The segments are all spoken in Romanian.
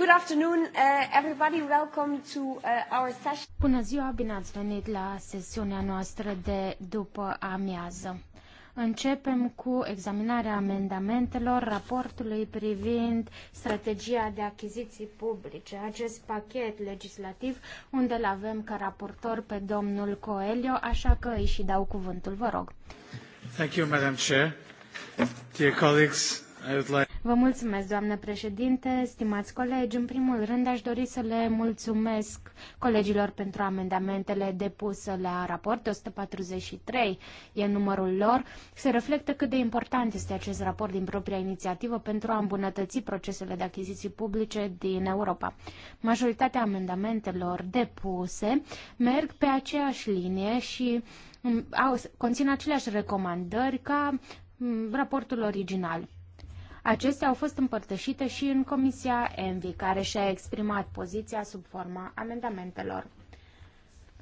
Good afternoon, uh, everybody. Welcome to uh, our session. Bună ziua, bine ați venit la sesiunea noastră de după amiază. Începem cu examinarea amendamentelor raportului privind strategia de achiziții publice, acest pachet legislativ unde îl avem ca raportor pe domnul Coelho, așa că îi și dau cuvântul, vă rog. Thank you, Madam Chair. Dear colleagues, I would like Vă mulțumesc, doamnă președinte, stimați colegi. În primul rând, aș dori să le mulțumesc colegilor pentru amendamentele depuse la raport. 143 e numărul lor. Se reflectă cât de important este acest raport din propria inițiativă pentru a îmbunătăți procesele de achiziții publice din Europa. Majoritatea amendamentelor depuse merg pe aceeași linie și mm, au, conțin aceleași recomandări ca mm, raportul original. Acestea au fost împărtășite și în Comisia ENVI, care și-a exprimat poziția sub forma amendamentelor.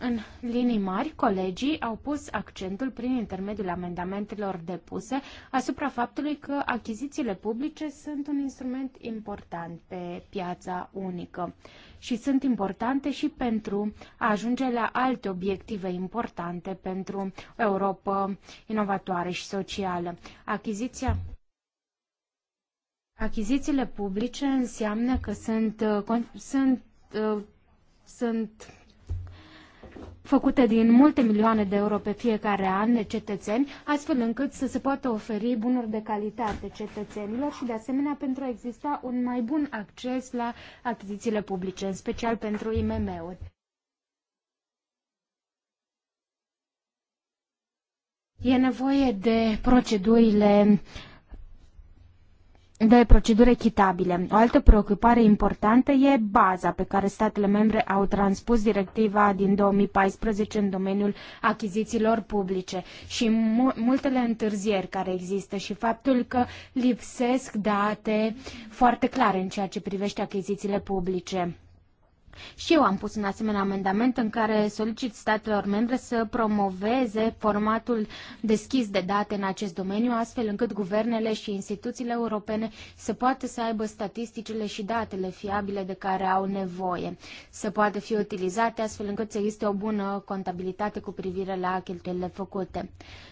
În linii mari, colegii au pus accentul prin intermediul amendamentelor depuse asupra faptului că achizițiile publice sunt un instrument important pe piața unică și sunt importante și pentru a ajunge la alte obiective importante pentru Europa inovatoare și socială. Achiziția Achizițiile publice înseamnă că sunt, uh, sunt, uh, sunt făcute din multe milioane de euro pe fiecare an de cetățeni, astfel încât să se poată oferi bunuri de calitate cetățenilor și, de asemenea, pentru a exista un mai bun acces la achizițiile publice, în special pentru IMM-uri. E nevoie de procedurile de proceduri echitabile. O altă preocupare importantă e baza pe care statele membre au transpus directiva din 2014 în domeniul achizițiilor publice și mu multele întârzieri care există și faptul că lipsesc date foarte clare în ceea ce privește achizițiile publice. Și eu am pus un asemenea amendament în care solicit statelor membre să promoveze formatul deschis de date în acest domeniu, astfel încât guvernele și instituțiile europene să poată să aibă statisticile și datele fiabile de care au nevoie, să poată fi utilizate astfel încât să existe o bună contabilitate cu privire la cheltuielile făcute.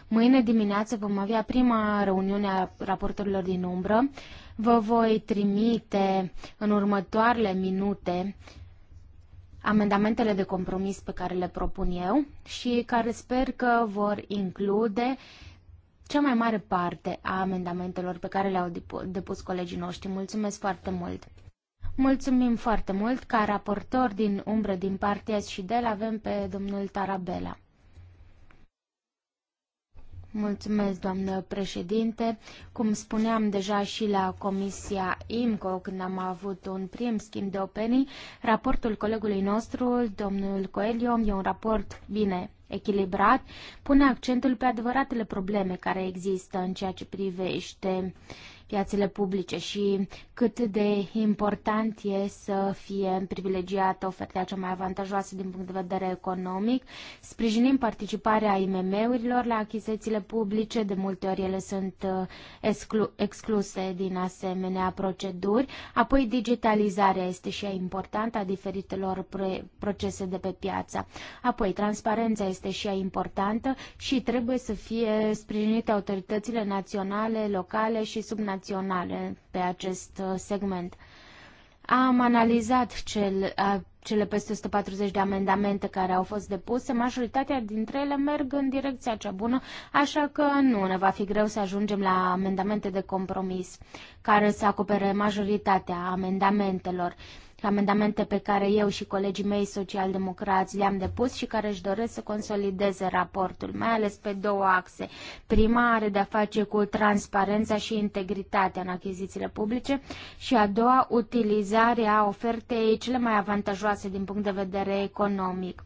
Mâine dimineață vom avea prima reuniune a raportorilor din umbră. Vă voi trimite în următoarele minute amendamentele de compromis pe care le propun eu și care sper că vor include cea mai mare parte a amendamentelor pe care le-au depus colegii noștri. Mulțumesc foarte mult! Mulțumim foarte mult! Ca raportor din umbră din partea și de avem pe domnul Tarabela. Mulțumesc, doamnă președinte. Cum spuneam deja și la Comisia IMCO, când am avut un prim schimb de opinii, raportul colegului nostru, domnul Coelho, e un raport bine echilibrat, pune accentul pe adevăratele probleme care există în ceea ce privește uh, piațele publice și cât de important e să fie privilegiată oferta cea mai avantajoasă din punct de vedere economic. Sprijinim participarea IMM-urilor la achizițiile publice, de multe ori ele sunt uh, exclu- excluse din asemenea proceduri. Apoi digitalizarea este și ea importantă a diferitelor procese de pe piață. Apoi transparența este și ea importantă și trebuie să fie sprijinite autoritățile naționale, locale și subnaționale naționale pe acest uh, segment. Am analizat cel, a, cele peste 140 de amendamente care au fost depuse, majoritatea dintre ele merg în direcția cea bună, așa că nu ne va fi greu să ajungem la amendamente de compromis care să acopere majoritatea amendamentelor. Uh, amendamente pe care eu și colegii mei socialdemocrați le-am depus și care își doresc să consolideze raportul, mai ales pe două axe. Prima are de-a face cu transparența și integritatea în achizițiile publice și a doua, utilizarea ofertei cele mai avantajoase din punct de vedere economic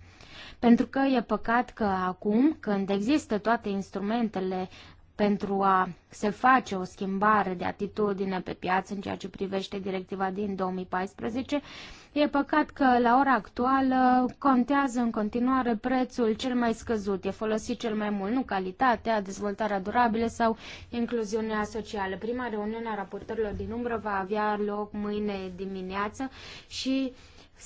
pentru că e păcat că acum, când există toate instrumentele pentru a se face o schimbare de atitudine pe piață în ceea ce privește directiva din 2014. E păcat că la ora actuală contează în continuare prețul cel mai scăzut. E folosit cel mai mult, nu calitatea, dezvoltarea durabilă sau incluziunea socială. Prima reuniune a raportărilor din umbră va avea loc mâine dimineață și uh,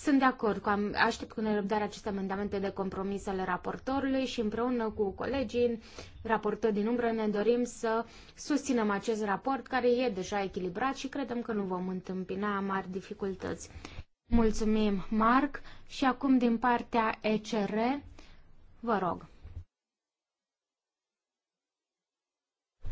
sunt de acord cu am, aștept cu nerăbdare aceste amendamente de compromis ale raportorului și împreună cu colegii raportori din umbră ne dorim să susținem acest raport care e deja echilibrat și credem că nu vom întâmpina mari dificultăți. Mulțumim, Marc, și acum din partea ECR, vă rog.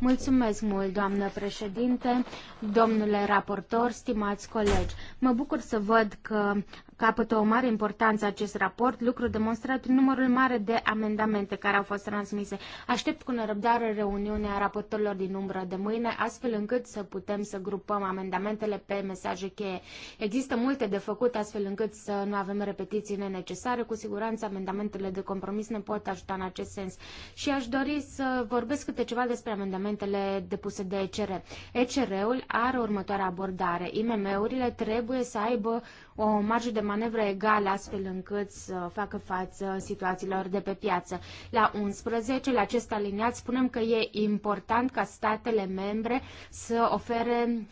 Mulțumesc mult, doamnă președinte, domnule raportor, stimați colegi. Mă bucur să văd că Capătă o mare importanță acest raport, lucru demonstrat prin numărul mare de amendamente care au fost transmise. Aștept cu nerăbdare reuniunea raportorilor din umbră de mâine, astfel încât să putem să grupăm amendamentele pe mesaje cheie. Există multe de făcut, astfel încât să nu avem repetiții nenecesare. Cu siguranță, amendamentele de compromis ne pot ajuta în acest sens. Și aș dori să vorbesc câte ceva despre amendamentele depuse de ECR. ECR-ul are următoarea abordare. IMM-urile trebuie să aibă o marjă de manevră egală astfel încât să facă față situațiilor de pe piață. La 11, la acest aliniat, spunem că e important ca statele membre să ofere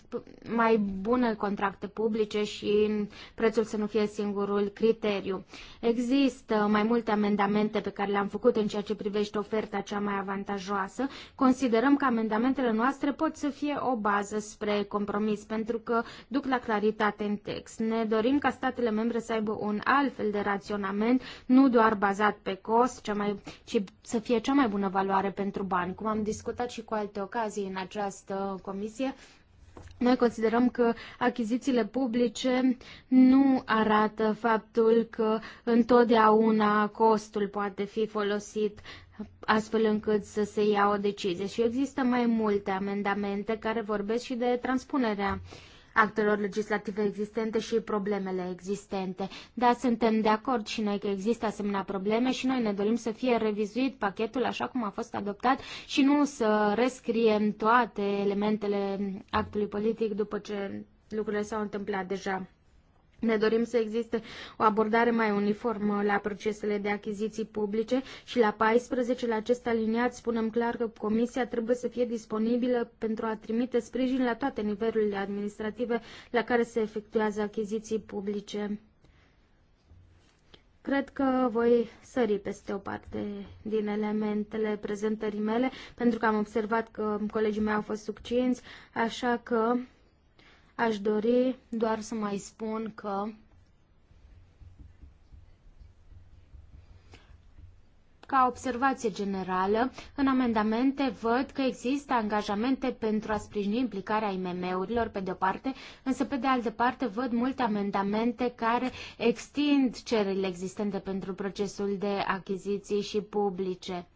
mai bune contracte publice și prețul să nu fie singurul criteriu. Există mai multe amendamente pe care le-am făcut în ceea ce privește oferta cea mai avantajoasă. Considerăm că amendamentele noastre pot să fie o bază spre compromis pentru că duc la claritate în text. Ne dorim ca statele membre membre să aibă un alt fel de raționament, nu doar bazat pe cost, cea mai, ci să fie cea mai bună valoare pentru bani. Cum am discutat și cu alte ocazii în această comisie, noi considerăm că achizițiile publice nu arată faptul că întotdeauna costul poate fi folosit astfel încât să se ia o decizie. Și există mai multe amendamente care vorbesc și de transpunerea uh, actelor legislative existente și problemele existente. Da, suntem de acord și noi că există asemenea probleme și noi ne dorim să fie revizuit pachetul așa cum a fost adoptat și nu să rescriem toate elementele actului politic după ce lucrurile s-au întâmplat deja. Ne dorim să existe o abordare mai uniformă la procesele de achiziții publice și la 14, la acest aliniat, spunem clar că Comisia trebuie să fie disponibilă pentru a trimite sprijin la toate nivelurile administrative la care se efectuează achiziții publice. Cred că voi sări peste o parte din elementele prezentării mele, pentru că am observat că colegii mei au fost succinți, așa că Aș dori doar să mai spun că ca observație generală, în amendamente văd că există angajamente pentru a sprijini implicarea IMM-urilor, pe de-o parte, însă pe de altă parte văd multe amendamente care extind cererile existente pentru procesul de achiziții și publice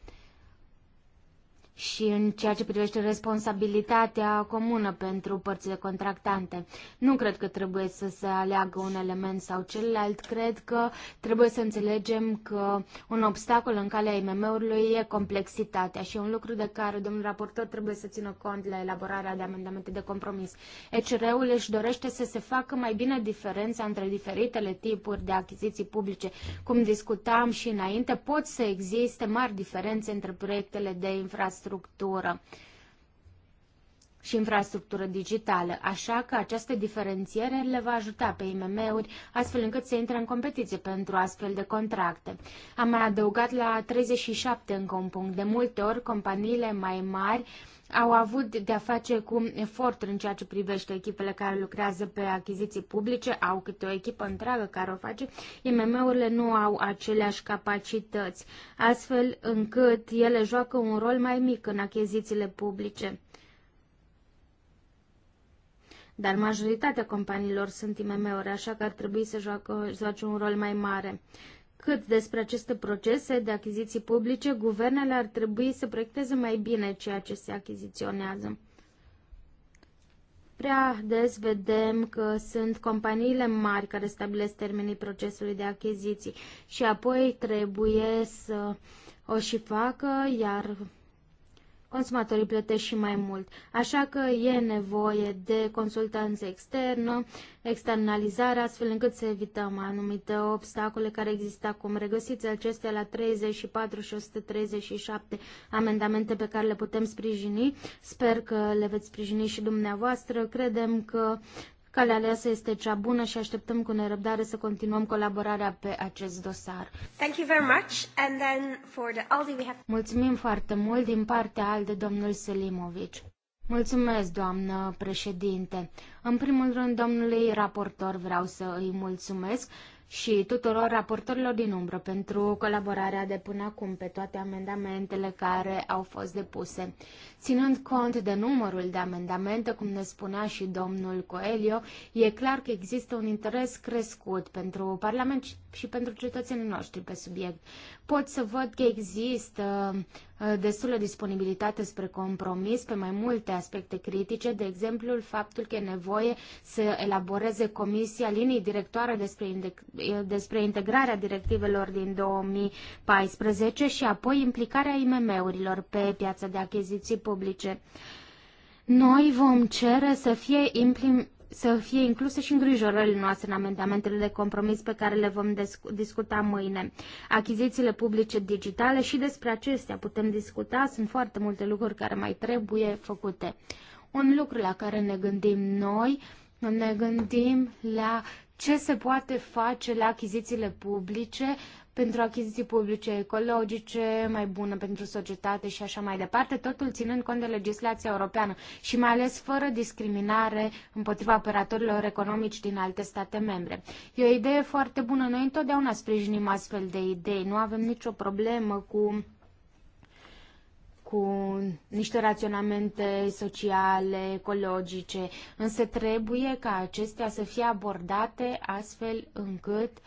și în ceea ce privește responsabilitatea comună pentru părțile contractante. Nu cred că trebuie să se aleagă un element sau celălalt, cred că trebuie să înțelegem că un obstacol în calea IMM-ului e complexitatea și un lucru de care domnul raportor trebuie să țină cont la elaborarea de amendamente de compromis. ECR-ul își dorește să se facă mai bine diferența între diferitele tipuri de achiziții publice. Cum discutam și înainte, pot să existe mari diferențe între proiectele de infrastructură infrastructură și infrastructură digitală, așa că această diferențiere le va ajuta pe IMM-uri astfel încât să intre în competiție pentru astfel de contracte. Am mai adăugat la 37 încă un punct. De multe ori, companiile mai mari au avut de-a face cu efort în ceea ce privește echipele care lucrează pe achiziții publice, au câte o echipă întreagă care o face, IMM-urile nu au aceleași capacități, astfel încât ele joacă un rol mai mic în achizițiile publice. Dar majoritatea companiilor sunt IMM-uri, așa că ar trebui să joacă, joace un rol mai mare cât despre aceste procese de achiziții publice, guvernele ar trebui să proiecteze mai bine ceea ce se achiziționează. Prea des vedem că sunt companiile mari care stabilesc termenii procesului de achiziții și apoi trebuie să o și facă, iar consumatorii plătesc și mai mult. Așa că e nevoie de consultanță externă, externalizare, astfel încât să evităm anumite obstacole care există acum. Regăsiți acestea la 34 și 137 amendamente pe care le putem sprijini. Sper că le veți sprijini și dumneavoastră. Credem că Calea aleasă este cea bună și așteptăm cu nerăbdare să continuăm colaborarea pe acest dosar. Thank you very much. And then for the Aldi we have... Mulțumim foarte mult din partea ALDE, domnul Selimovic. Mulțumesc, doamnă președinte. În primul rând, domnului raportor vreau să îi mulțumesc și tuturor raportorilor din umbră pentru colaborarea de până acum pe toate amendamentele care au fost depuse. Ținând cont de numărul de amendamente, cum ne spunea și domnul Coelio, e clar că există un interes crescut pentru Parlament și pentru cetățenii noștri pe subiect. Pot să văd că există uh, destulă disponibilitate spre compromis pe mai multe aspecte critice, de exemplu faptul că e nevoie să elaboreze Comisia linii directoare despre, uh, despre integrarea directivelor din 2014 și apoi implicarea IMM-urilor pe piața de achiziții publice. Noi vom cere să fie implim, să fie incluse și îngrijorările noastre în amendamentele de compromis pe care le vom discuta mâine. Achizițiile publice digitale și despre acestea putem discuta. Sunt foarte multe lucruri care mai trebuie făcute. Un lucru la care ne gândim noi, ne gândim la ce se poate face la achizițiile publice pentru achiziții publice ecologice, mai bună pentru societate și așa mai departe, totul ținând cont de legislația europeană și mai ales fără discriminare împotriva operatorilor economici din alte state membre. E o idee foarte bună. Noi întotdeauna sprijinim astfel de idei. Nu avem nicio problemă cu cu niște raționamente sociale, ecologice, însă trebuie ca acestea să fie abordate astfel încât uh,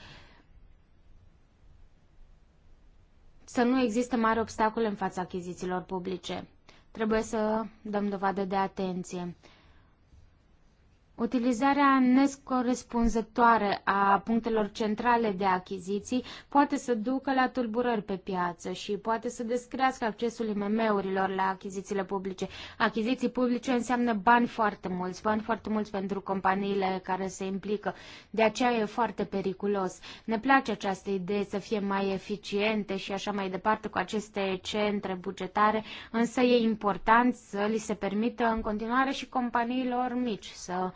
să nu existe mari obstacole în fața achizițiilor publice. Trebuie să dăm dovadă de atenție. Utilizarea nescorespunzătoare a punctelor centrale de achiziții poate să ducă la tulburări pe piață și poate să descrească accesul IMM-urilor la achizițiile publice. Achiziții publice înseamnă bani foarte mulți, bani foarte mulți pentru companiile care se implică. De aceea e foarte periculos. Ne place această idee să fie mai eficiente și așa mai departe cu aceste centre bugetare, însă e important să li se permită în continuare și companiilor mici să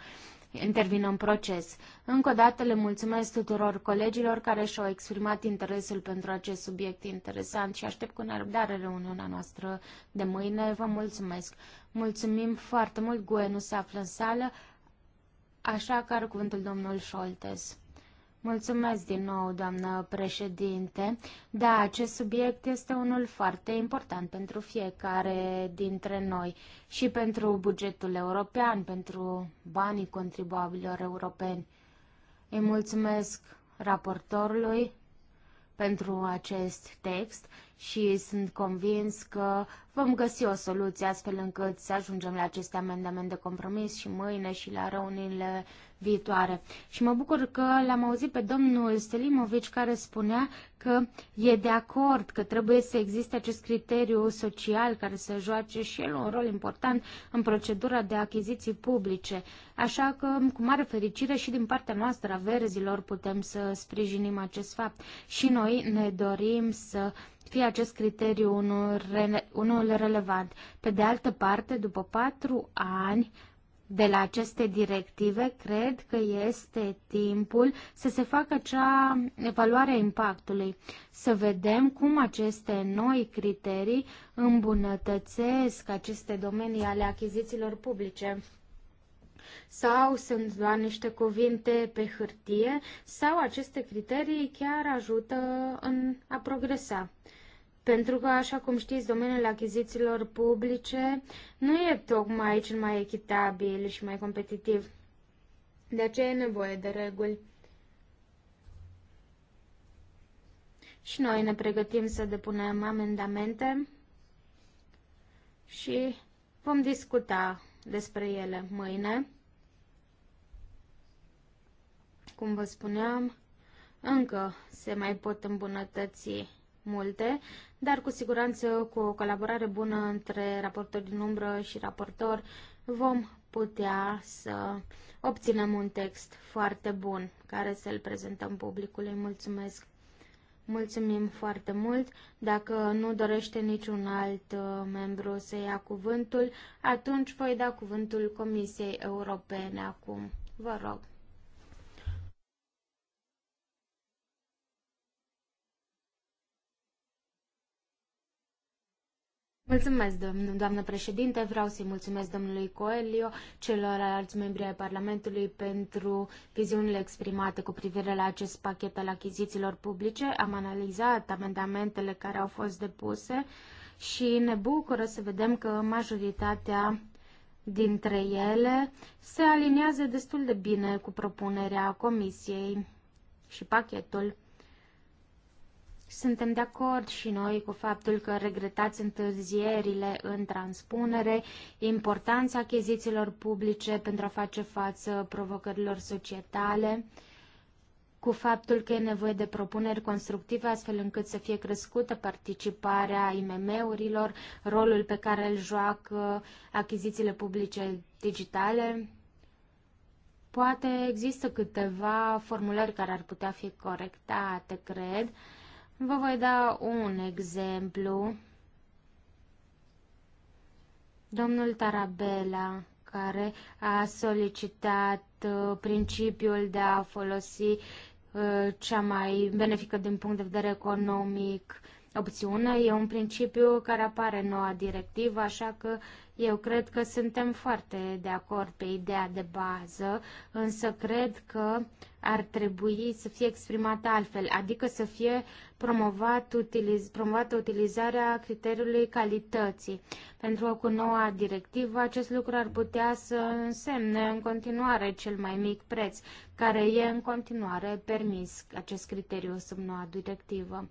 intervină în proces. Încă o dată le mulțumesc tuturor colegilor care și-au exprimat interesul pentru acest subiect interesant și aștept cu nerăbdare reuniunea noastră de mâine. Vă mulțumesc! Mulțumim foarte mult, Gue nu se află în sală, așa că are cuvântul domnul Scholtes. Mulțumesc din nou, doamnă președinte. Da, acest subiect este unul foarte important pentru fiecare dintre noi și pentru bugetul european, pentru banii contribuabililor europeni. Îi mulțumesc raportorului pentru acest text și sunt convins că vom găsi o soluție astfel încât să ajungem la acest amendament de compromis și mâine și la reuniunile viitoare. Și mă bucur că l-am auzit pe domnul Selimovic care spunea că e de acord că trebuie să existe acest criteriu social care să joace și el un rol important în procedura de achiziții publice. Așa că, cu mare fericire și din partea noastră a verzilor, putem să sprijinim acest fapt. Și noi ne dorim să fie acest criteriu unul, rele- unul relevant. Pe de altă parte, după patru ani, de la aceste directive, cred că este timpul să se facă acea evaluare a impactului, să vedem cum aceste noi criterii îmbunătățesc aceste domenii ale achizițiilor publice sau sunt doar niște cuvinte pe hârtie, sau aceste criterii chiar ajută în a progresa. Pentru că, așa cum știți, domeniul achizițiilor publice nu e tocmai cel mai echitabil și mai competitiv. De aceea e nevoie de reguli. Și noi ne pregătim să depunem amendamente și vom discuta despre ele mâine. Cum vă spuneam, încă se mai pot îmbunătăți multe, dar cu siguranță cu o colaborare bună între raportor din umbră și raportor vom putea să obținem un text foarte bun care să-l prezentăm publicului. Mulțumesc! Mulțumim foarte mult. Dacă nu dorește niciun alt uh, membru să ia cuvântul, atunci voi da cuvântul Comisiei Europene acum. Vă rog. Mulțumesc, doamnă președinte. Vreau să-i mulțumesc domnului Coelio, celorlalți membri ai Parlamentului pentru viziunile exprimate cu privire la acest pachet al achizițiilor publice. Am analizat amendamentele care au fost depuse și ne bucură să vedem că majoritatea dintre ele se aliniază destul de bine cu propunerea Comisiei și pachetul. Suntem de acord și noi cu faptul că regretați întârzierile în transpunere, importanța achizițiilor publice pentru a face față provocărilor societale, cu faptul că e nevoie de propuneri constructive astfel încât să fie crescută participarea IMM-urilor, rolul pe care îl joacă achizițiile publice digitale. Poate există câteva formulări care ar putea fi corectate, cred, Vă voi da un exemplu. Domnul Tarabella, care a solicitat uh, principiul de a folosi uh, cea mai benefică din punct de vedere economic opțiune. E un principiu care apare în noua directivă, așa că eu cred că suntem foarte de acord pe ideea de bază, însă cred că ar trebui să fie exprimată altfel, adică să fie promovat utiliz, promovată utilizarea criteriului calității. Pentru că cu noua directivă acest lucru ar putea să însemne în continuare cel mai mic preț, care e în continuare permis acest criteriu sub noua directivă.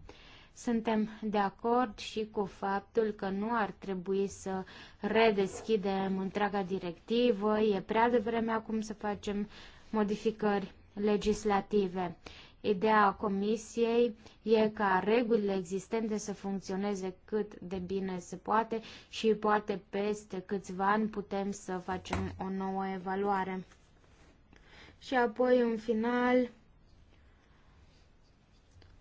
Suntem de acord și cu faptul că nu ar trebui să redeschidem întreaga directivă, e prea devreme acum să facem modificări legislative. Ideea Comisiei e ca regulile existente să funcționeze cât de bine se poate și poate peste câțiva ani putem să facem o nouă evaluare. Și apoi, în final,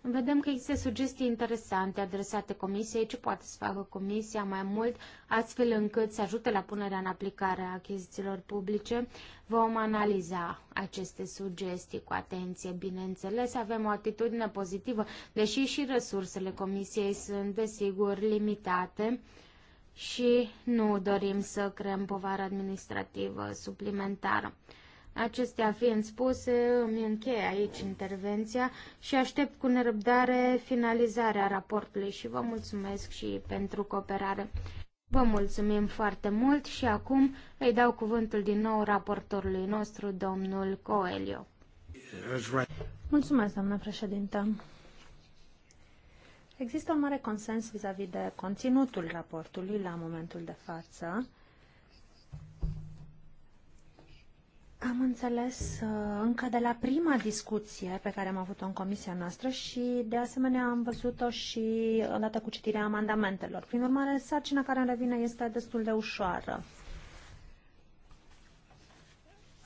Vedem că există sugestii interesante adresate Comisiei, ce poate să facă Comisia mai mult, astfel încât să ajute la punerea în aplicare a achizițiilor publice. Vom analiza aceste sugestii cu atenție, bineînțeles. Avem o atitudine pozitivă, deși și resursele Comisiei sunt, desigur, limitate și nu dorim să creăm povară administrativă suplimentară. Acestea fiind spuse, îmi încheie aici intervenția și aștept cu nerăbdare finalizarea raportului și vă mulțumesc și pentru cooperare. Vă mulțumim foarte mult și acum îi dau cuvântul din nou raportorului nostru, domnul Coelio. Mulțumesc, doamnă președintă. Există un mare consens vis-a-vis -vis de conținutul raportului la momentul de față Am înțeles uh, încă de la prima discuție pe care am avut-o în comisia noastră și de asemenea am văzut-o și odată cu citirea amendamentelor. Prin urmare, sarcina care îmi revine este destul de ușoară.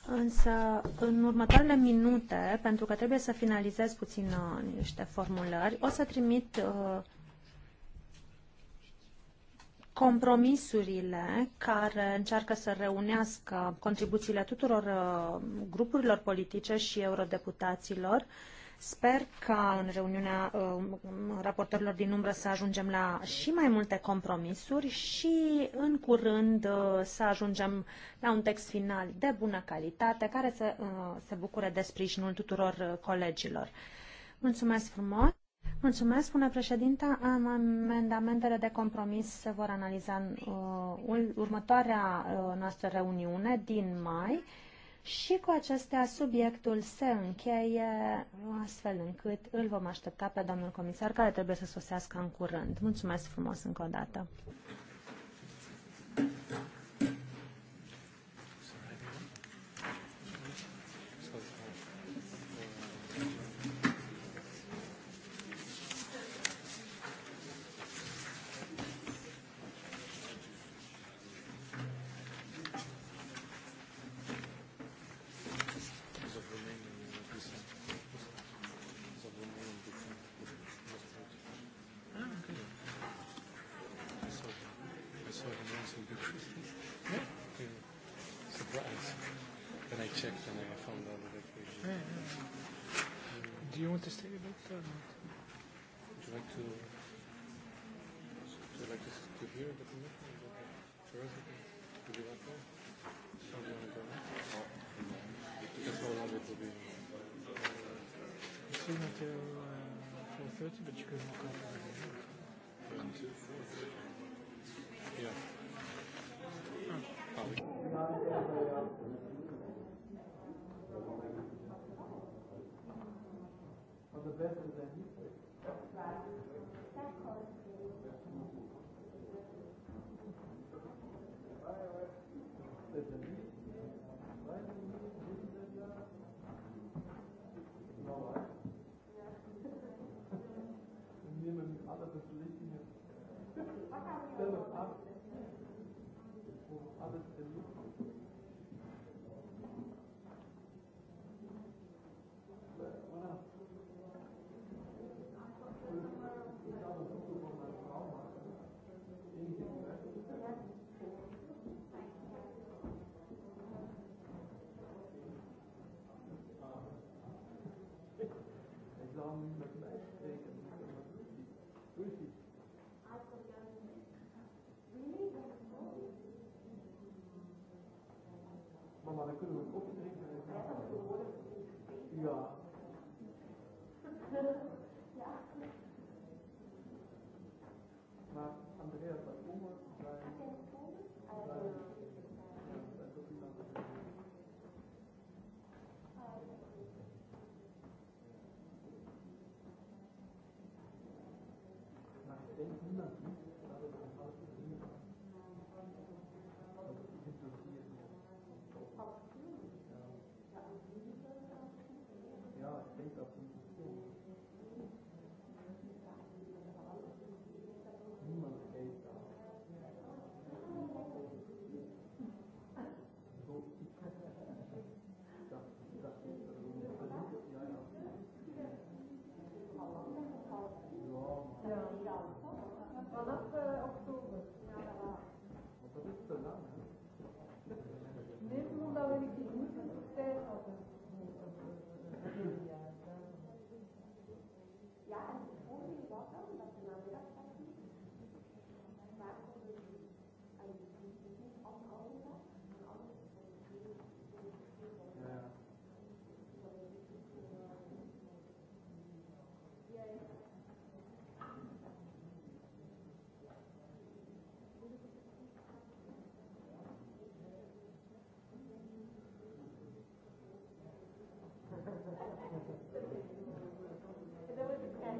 Însă, în următoarele minute, pentru că trebuie să finalizez puțin uh, niște formulări, o să trimit uh, compromisurile care încearcă să reunească contribuțiile tuturor uh, grupurilor politice și eurodeputaților. Sper că în reuniunea uh, raportorilor din umbră să ajungem la și mai multe compromisuri și în curând uh, să ajungem la un text final de bună calitate care să se bucure de sprijinul tuturor colegilor. Mulțumesc frumos! Mulțumesc, spune președinta. Amendamentele de compromis se vor analiza în uh, următoarea uh, noastră reuniune din mai și cu acestea subiectul se încheie astfel încât îl vom aștepta pe domnul comisar care trebuie să sosească în curând. Mulțumesc frumos încă o dată. Surprise. When I checked and I found out that yeah, yeah. Do you want to stay a bit or not? Would you like to would you like to, to hear the commitment? Would you like to? do you want to go? Because how long it will be? It's until 4.30, uh, but you can walk uh, out. Yeah. the best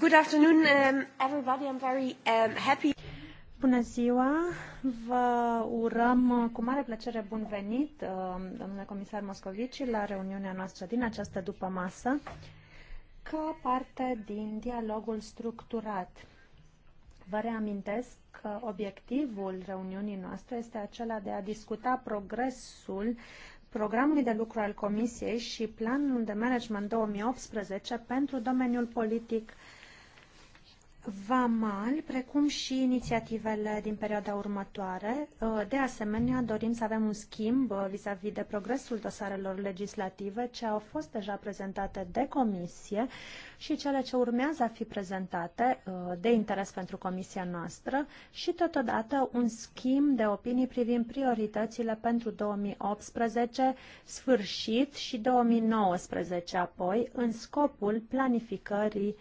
Good afternoon, um, everybody. I'm very um, happy. Bună ziua! Vă urăm uh, cu mare plăcere bun venit, uh, domnule comisar Moscovici, la reuniunea noastră din această masă, ca parte din dialogul structurat. Vă reamintesc că obiectivul reuniunii noastre este acela de a discuta progresul programului de lucru al Comisiei și planul de management 2018 pentru domeniul politic VAMAL, precum și inițiativele din perioada următoare. Uh, de asemenea, dorim să avem un schimb uh, vis-a-vis -vis de progresul dosarelor legislative, ce au fost deja prezentate de comisie și cele ce urmează a fi prezentate uh, de interes pentru comisia noastră și totodată un schimb de opinii privind prioritățile pentru 2018, sfârșit și 2019 apoi, în scopul planificării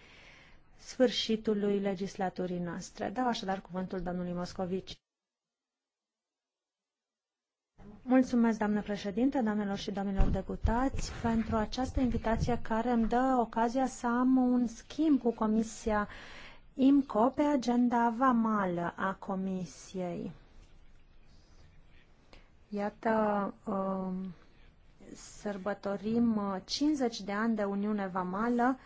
sfârșitului legislaturii noastre. Dau așadar cuvântul domnului Moscovici. Mulțumesc, doamnă președinte, doamnelor și domnilor deputați, pentru această invitație care îmi dă ocazia să am un schimb cu Comisia IMCO pe agenda vamală a Comisiei. Iată, um, sărbătorim 50 uh, de ani de Uniune Vamală,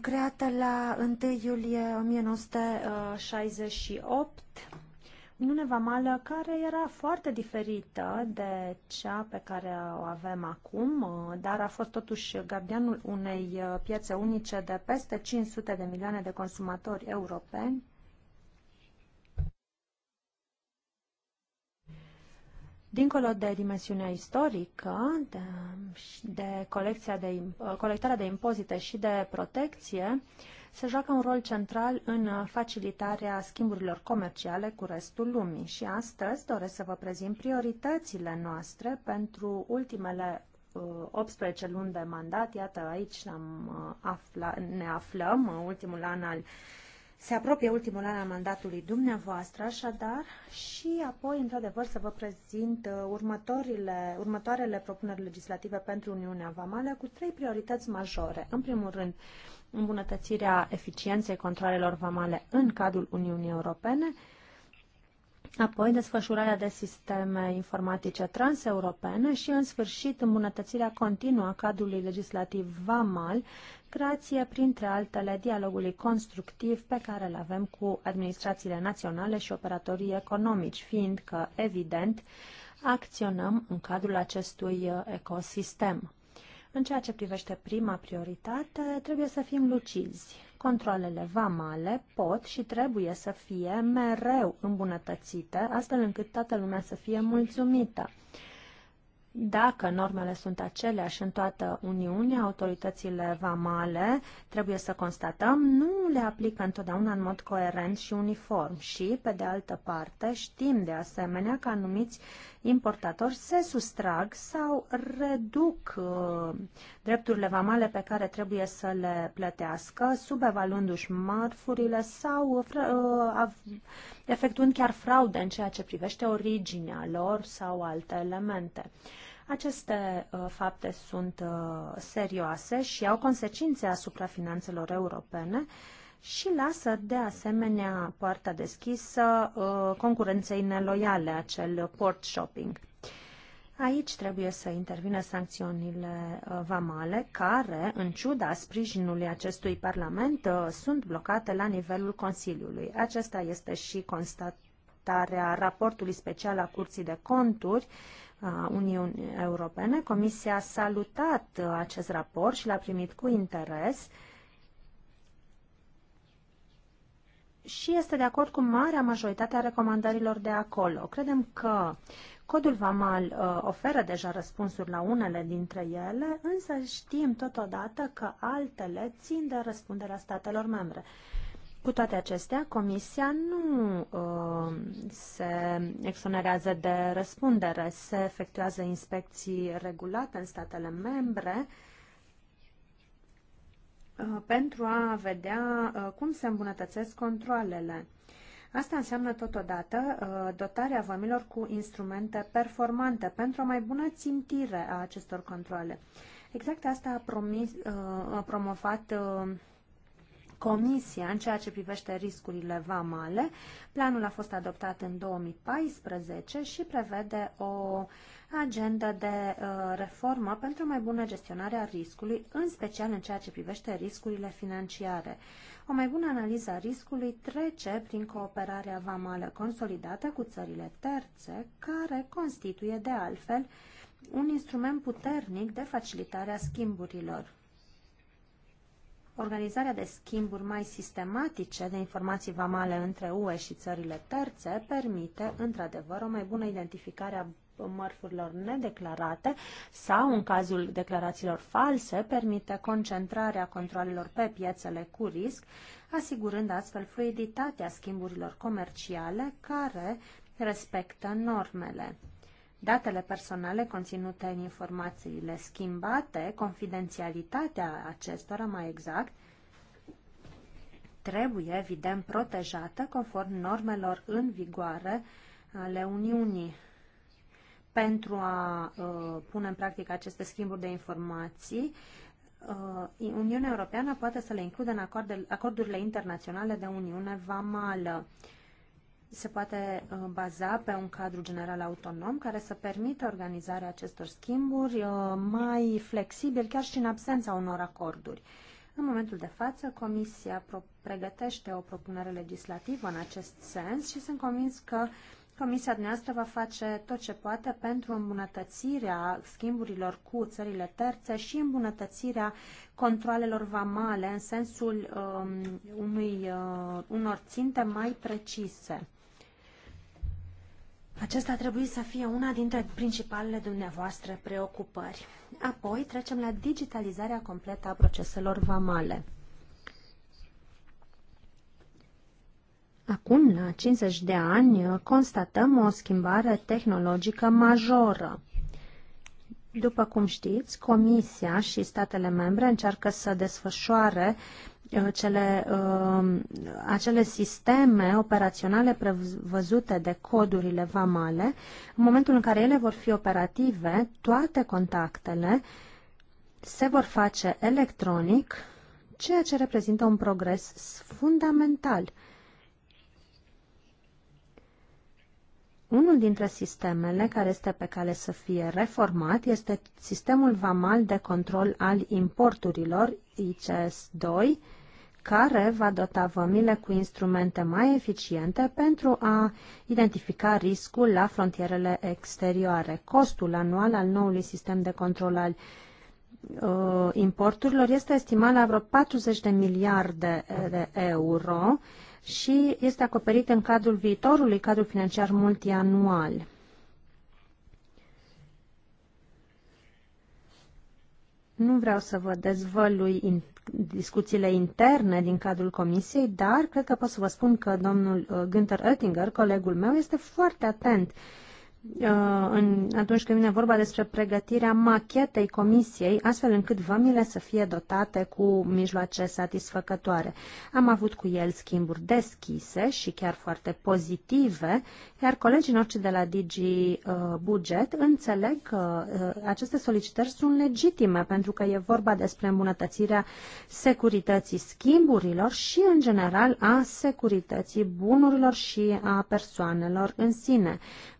creată la 1 iulie 1968, Uniune Vamală care era foarte diferită de cea pe care o avem acum, uh, dar a fost totuși gardianul unei uh, piețe unice de peste 500 de milioane de consumatori europeni, Dincolo de dimensiunea istorică, de, de, colecția de colectarea de impozite și de protecție, se joacă un rol central în facilitarea schimburilor comerciale cu restul lumii și astăzi doresc să vă prezint prioritățile noastre pentru ultimele 18 uh, luni de mandat. Iată, aici am uh, afla, ne aflăm, uh, ultimul an al se apropie ultimul an al mandatului dumneavoastră, așadar, și apoi, într-adevăr, să vă prezint uh, următorile, următoarele propuneri legislative pentru Uniunea Vamală cu trei priorități majore. În primul rând, îmbunătățirea eficienței controlelor vamale în cadrul Uniunii Europene, apoi desfășurarea de sisteme informatice transeuropene și, în sfârșit, îmbunătățirea continuă a cadrului legislativ VAMAL grație, printre altele, dialogului constructiv pe care îl avem cu administrațiile naționale și operatorii economici, fiind că, evident, acționăm în cadrul acestui uh, ecosistem. În ceea ce privește prima prioritate, trebuie să fim lucizi. Controlele vamale pot și trebuie să fie mereu îmbunătățite, astfel încât toată lumea să fie mulțumită. Dacă normele sunt aceleași în toată Uniunea, autoritățile vamale, trebuie să constatăm, nu le aplică întotdeauna în mod coerent și uniform și, pe de altă parte, știm de asemenea că anumiți importatori se sustrag sau reduc uh, drepturile vamale pe care trebuie să le plătească, subevaluându-și mărfurile sau uh, uh, efectuând chiar fraude în ceea ce privește originea lor sau alte elemente. Aceste uh, fapte sunt uh, serioase și au consecințe asupra finanțelor europene și lasă de asemenea poarta deschisă uh, concurenței neloiale, acel port shopping. Aici trebuie să intervină sancțiunile uh, vamale, care, în ciuda sprijinului acestui Parlament, uh, sunt blocate la nivelul Consiliului. Acesta este și constat adoptarea raportului special a Curții de Conturi a Uniunii Europene. Comisia a salutat uh, acest raport și l-a primit cu interes și este de acord cu marea majoritate a recomandărilor de acolo. Credem că Codul Vamal uh, oferă deja răspunsuri la unele dintre ele, însă știm totodată că altele țin de răspunderea statelor membre. Cu toate acestea, Comisia nu uh, se exonerează de răspundere, se efectuează inspecții regulate în statele membre uh, pentru a vedea uh, cum se îmbunătățesc controlele. Asta înseamnă totodată uh, dotarea vămilor cu instrumente performante pentru o mai bună țintire a acestor controle. Exact asta a, promis, uh, a promovat uh, Comisia în ceea ce privește riscurile vamale. Planul a fost adoptat în 2014 și prevede o agendă de uh, reformă pentru mai bună gestionare a riscului, în special în ceea ce privește riscurile financiare. O mai bună analiză a riscului trece prin cooperarea vamală consolidată cu țările terțe, care constituie de altfel un instrument puternic de facilitare a schimburilor organizarea de schimburi mai sistematice de informații vamale între UE și țările terțe permite, într-adevăr, o mai bună identificare a mărfurilor nedeclarate sau, în cazul declarațiilor false, permite concentrarea controlelor pe piețele cu risc, asigurând astfel fluiditatea schimburilor comerciale care respectă normele datele personale conținute în informațiile schimbate, confidențialitatea acestora mai exact, trebuie, evident, protejată conform normelor în vigoare ale Uniunii. Pentru a uh, pune în practică aceste schimburi de informații, uh, Uniunea Europeană poate să le includă în acordel, acordurile internaționale de Uniune Vamală. Uh, se poate uh, baza pe un cadru general autonom care să permită organizarea acestor schimburi uh, mai flexibil, chiar și în absența unor acorduri. În momentul de față, Comisia pregătește o propunere legislativă în acest sens și sunt convins că Comisia dumneavoastră va face tot ce poate pentru îmbunătățirea schimburilor cu țările terțe și îmbunătățirea controalelor vamale în sensul um, unui, uh, unor ținte mai precise. Acesta trebuie să fie una dintre principalele dumneavoastră preocupări. Apoi trecem la digitalizarea completă a proceselor vamale. Acum, la 50 de ani, constatăm o schimbare tehnologică majoră. După cum știți, Comisia și statele membre încearcă să desfășoare Uh, cele, uh, acele sisteme operaționale prevăzute de codurile vamale, în momentul în care ele vor fi operative, toate contactele se vor face electronic, ceea ce reprezintă un progres fundamental. Unul dintre sistemele care este pe cale să fie reformat este sistemul vamal de control al importurilor, ICS-2, care va dota vămile cu instrumente mai eficiente pentru a identifica riscul la frontierele exterioare. Costul anual al noului sistem de control al uh, importurilor este estimat la vreo 40 de miliarde de euro și este acoperit în cadrul viitorului cadru financiar multianual. Nu vreau să vă dezvălui discuțiile interne din cadrul comisiei, dar cred că pot să vă spun că domnul uh, Günther Oettinger, colegul meu, este foarte atent uh, Uh, în, atunci când vine vorba despre pregătirea machetei comisiei, astfel încât vămile să fie dotate cu mijloace satisfăcătoare. Am avut cu el schimburi deschise și chiar foarte pozitive, iar colegii noștri de la Digi uh, Budget înțeleg că uh, aceste solicitări sunt legitime, pentru că e vorba despre îmbunătățirea securității schimburilor și, în general, a securității bunurilor și a persoanelor în sine.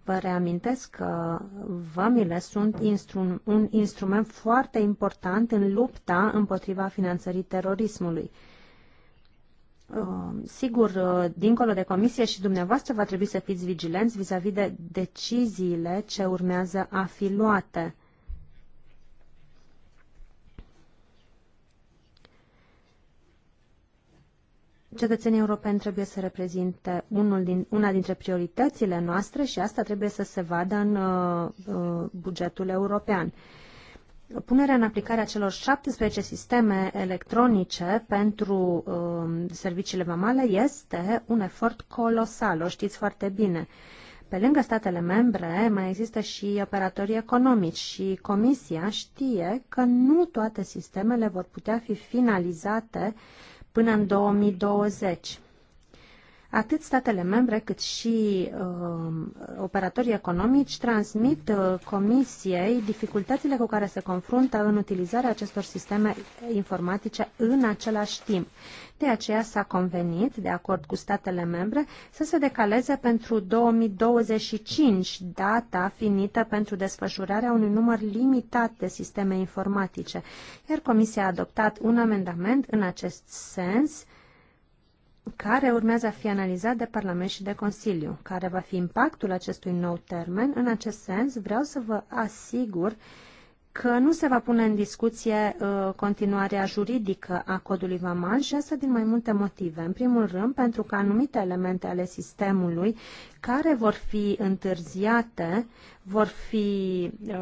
Vă reamintesc că vămile sunt instru- un instrument foarte important în lupta împotriva finanțării terorismului. Uh, sigur, uh, dincolo de comisie și dumneavoastră va trebui să fiți vigilenți vis-a-vis -vis de deciziile ce urmează a fi luate. Cetățenii europeni trebuie să reprezinte unul din, una dintre prioritățile noastre și asta trebuie să se vadă în uh, uh bugetul european. Punerea în aplicare a celor 17 sisteme electronice pentru uh, serviciile vamale este un efort colosal, o știți foarte bine. Pe lângă statele membre, mai există și operatorii economici și Comisia știe că nu toate sistemele vor putea fi finalizate uh, până în 2020 atât statele membre cât și uh, operatorii economici transmit uh, Comisiei dificultățile cu care se confruntă în utilizarea acestor sisteme informatice în același timp. De aceea s-a convenit, de acord cu statele membre, să se decaleze pentru 2025 data finită pentru desfășurarea unui număr limitat de sisteme informatice, iar Comisia a adoptat un amendament în acest sens, care urmează a fi analizat de Parlament și de Consiliu. Care va fi impactul acestui nou termen? În acest sens, vreau să vă asigur că nu se va pune în discuție uh, continuarea juridică a codului VAMAN și asta din mai multe motive. În primul rând, pentru că anumite elemente ale sistemului care vor fi întârziate vor fi uh,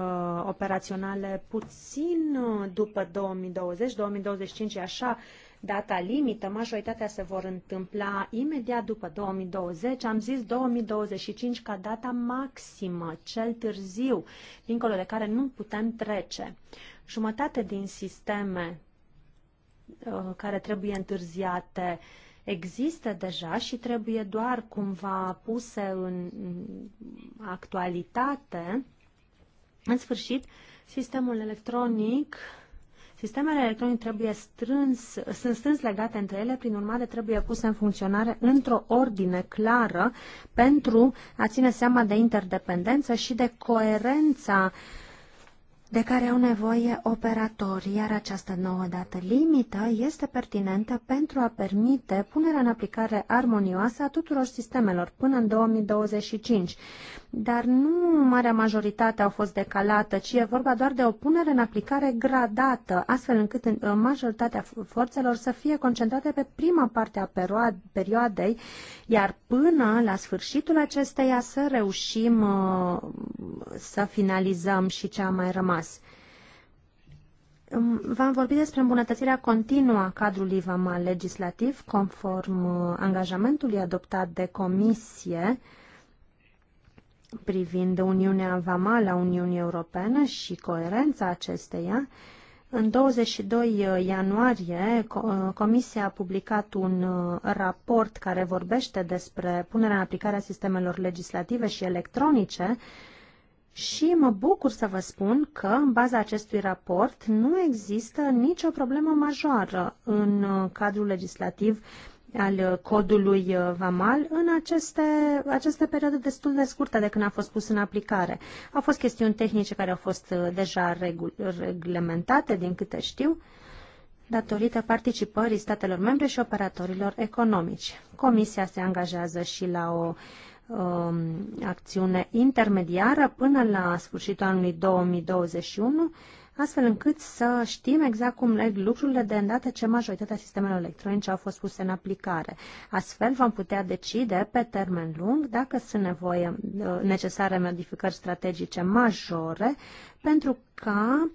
operaționale puțin uh, după 2020, 2025 așa uh, data limită, majoritatea se vor întâmpla imediat după 2020. Am zis 2025 ca data maximă, cel târziu, dincolo de care nu putem trece. Jumătate din sisteme uh, care trebuie întârziate există deja și trebuie doar cumva puse în actualitate. În sfârșit, sistemul electronic Sistemele electronice trebuie strâns, sunt strâns legate între ele, prin urmare trebuie puse în funcționare într-o ordine clară pentru a ține seama de interdependență și de coerența de care au nevoie operatorii, iar această nouă dată limită este pertinentă pentru a permite punerea în aplicare armonioasă a tuturor sistemelor până în 2025 dar nu marea majoritate au fost decalată, ci e vorba doar de o punere în aplicare gradată, astfel încât majoritatea forțelor să fie concentrate pe prima parte a perioadei, iar până la sfârșitul acesteia să reușim uh, să finalizăm și ce a mai rămas. V-am vorbit despre îmbunătățirea continuă a cadrului VAMA legislativ, conform uh, angajamentului adoptat de comisie, privind Uniunea Vamală a Uniunii Europene și coerența acesteia, în 22 ianuarie, Comisia a publicat un uh, raport care vorbește despre punerea în aplicare a sistemelor legislative și electronice și mă bucur să vă spun că, în baza acestui raport, nu există nicio problemă majoră în uh, cadrul legislativ al uh, codului uh, VAMAL în aceste, aceste perioade destul de scurte de când a fost pus în aplicare. Au fost chestiuni tehnice care au fost uh, deja reglementate, din câte știu, datorită participării statelor membre și operatorilor economici. Comisia se angajează și la o um, acțiune intermediară până la sfârșitul anului 2021 astfel încât să știm exact cum merg lucrurile de îndată ce majoritatea sistemelor electronice au fost puse în aplicare. Astfel vom putea decide pe termen lung dacă sunt nevoie, uh, necesare modificări strategice majore pentru ca uh,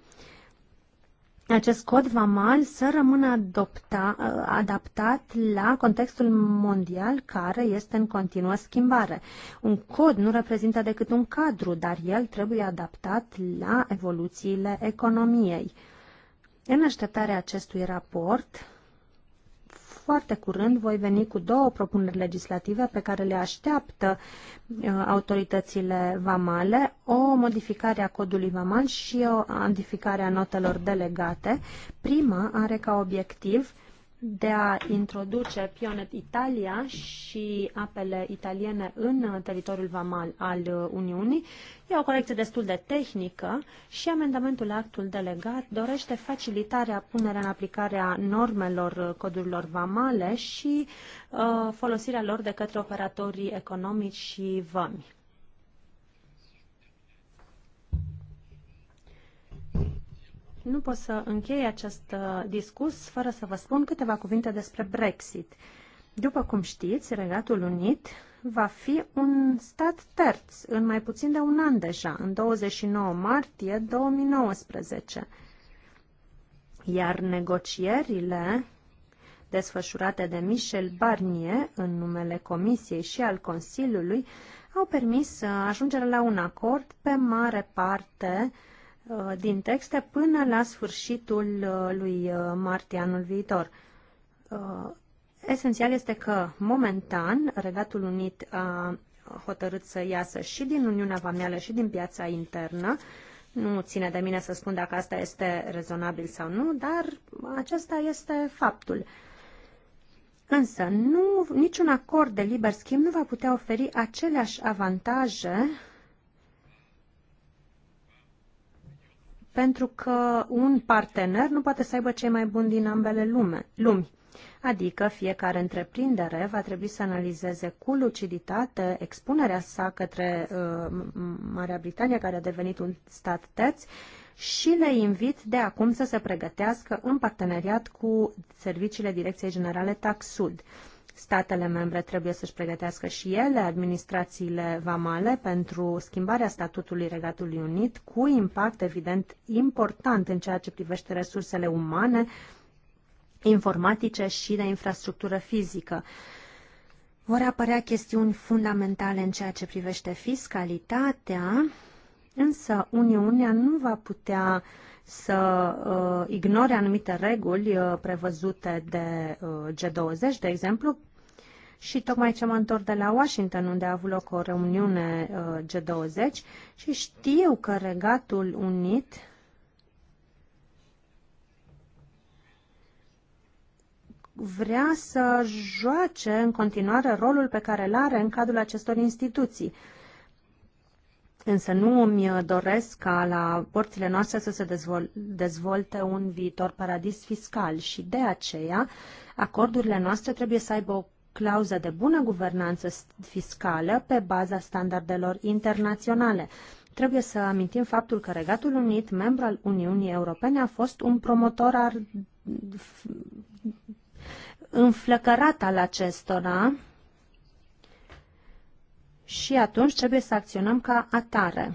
acest cod vamal să rămână adopta, adaptat la contextul mondial care este în continuă schimbare. Un cod nu reprezintă decât un cadru, dar el trebuie adaptat la evoluțiile economiei. În așteptarea acestui raport, foarte curând voi veni cu două propuneri legislative pe care le așteaptă uh, autoritățile vamale, o modificare a codului vamal și o modificare a notelor delegate. Prima are ca obiectiv de a introduce Pionet Italia și apele italiene în uh, teritoriul vamal al uh, Uniunii. E o corecție destul de tehnică și amendamentul actul delegat dorește facilitarea punerea în aplicare a normelor uh, codurilor vamale și uh, folosirea lor de către operatorii economici și vămi. Nu pot să închei acest uh, discurs fără să vă spun câteva cuvinte despre Brexit. După cum știți, Regatul Unit va fi un stat terț în mai puțin de un an deja, în 29 martie 2019. Iar negocierile desfășurate de Michel Barnier în numele Comisiei și al Consiliului au permis uh, ajungerea la un acord pe mare parte Uh, din texte până la sfârșitul uh, lui uh, martie anul viitor. Esențial este că, momentan, Regatul Unit a hotărât să iasă și din Uniunea Vameală și din piața internă. Nu ține de mine să spun dacă asta este rezonabil sau nu, dar acesta este faptul. Însă, nu, niciun acord de liber schimb nu va putea oferi aceleași avantaje pentru că un partener nu poate să aibă cei mai buni din ambele lume, lumi. Adică fiecare întreprindere va trebui să analizeze cu luciditate expunerea sa către uh, Marea Britanie, care a devenit un stat terț, și le invit de acum să se pregătească în parteneriat cu serviciile Direcției Generale TAC Sud. Uh, Statele membre trebuie să-și pregătească și ele administrațiile vamale pentru schimbarea statutului Regatului Unit, cu impact evident important în ceea ce privește resursele umane, informatice și de infrastructură fizică. Vor apărea chestiuni fundamentale în ceea ce privește fiscalitatea, însă Uniunea nu va putea uh, să uh, ignore anumite reguli uh, prevăzute de uh, G20, de exemplu, și tocmai ce mă întorc de la Washington, unde a avut loc o reuniune uh, G20 și știu că Regatul Unit vrea să joace în continuare rolul pe care îl are în cadrul acestor instituții. Însă nu îmi doresc ca la porțile noastre să se dezvol- dezvolte un viitor paradis fiscal și de aceea acordurile noastre trebuie să aibă o clauză de bună guvernanță fiscală pe baza standardelor internaționale. Trebuie să amintim faptul că Regatul Unit, membru al Uniunii Europene, a fost un promotor ar... înflăcărat al acestora și atunci trebuie să acționăm ca atare.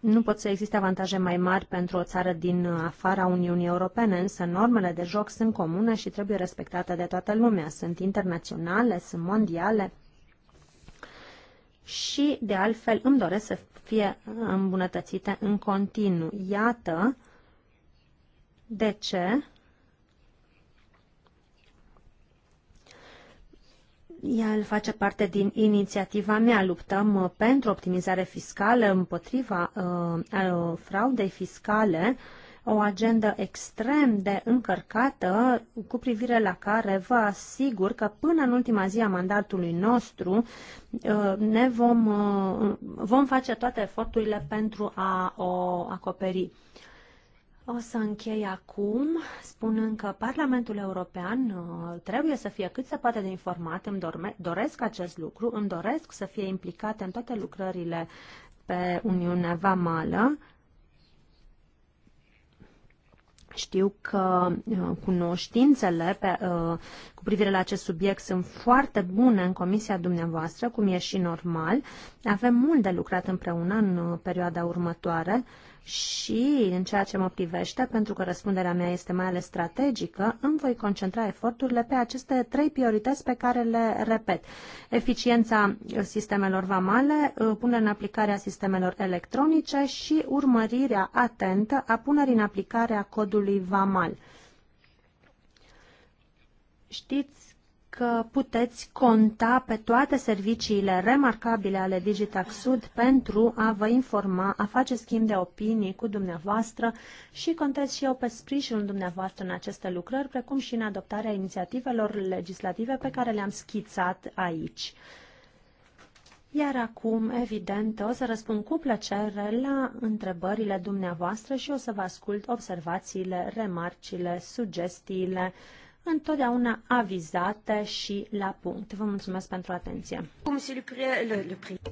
Nu pot să existe avantaje mai mari pentru o țară din afara Uniunii Europene, însă normele de joc sunt comune și trebuie respectate de toată lumea. Sunt internaționale, sunt mondiale și, de altfel, îmi doresc să fie îmbunătățite în continuu. Iată de ce El face parte din inițiativa mea. Luptăm uh, pentru optimizare fiscală împotriva uh, fraudei fiscale, o agendă extrem de încărcată cu privire la care vă asigur că până în ultima zi a mandatului nostru uh, ne vom, uh, vom face toate eforturile pentru a o acoperi. Uh, o să închei acum spunând că Parlamentul European uh, trebuie să fie cât se poate de informat, îmi doresc acest lucru, îmi doresc să fie implicate în toate lucrările pe Uniunea Vamală. Știu că uh, cunoștințele pe, uh, cu privire la acest subiect sunt foarte bune în comisia dumneavoastră, cum e și normal. Avem mult de lucrat împreună în perioada următoare și în ceea ce mă privește, pentru că răspunderea mea este mai ales strategică, îmi voi concentra eforturile pe aceste trei priorități pe care le repet. Eficiența sistemelor vamale, uh, punerea în aplicare a sistemelor electronice și urmărirea atentă a punerii în aplicare a codului vamal. Știți că puteți conta pe toate serviciile remarcabile ale Digitax Sud pentru a vă informa, a face schimb de opinii cu dumneavoastră și contez și eu pe sprijinul dumneavoastră în aceste lucrări, precum și în adoptarea inițiativelor legislative pe care le-am schițat aici. Iar acum, evident, o să răspund cu plăcere la întrebările dumneavoastră și o să vă ascult observațiile, remarcile, sugestiile, uh, întotdeauna avizate și la punct. Vă mulțumesc pentru atenție.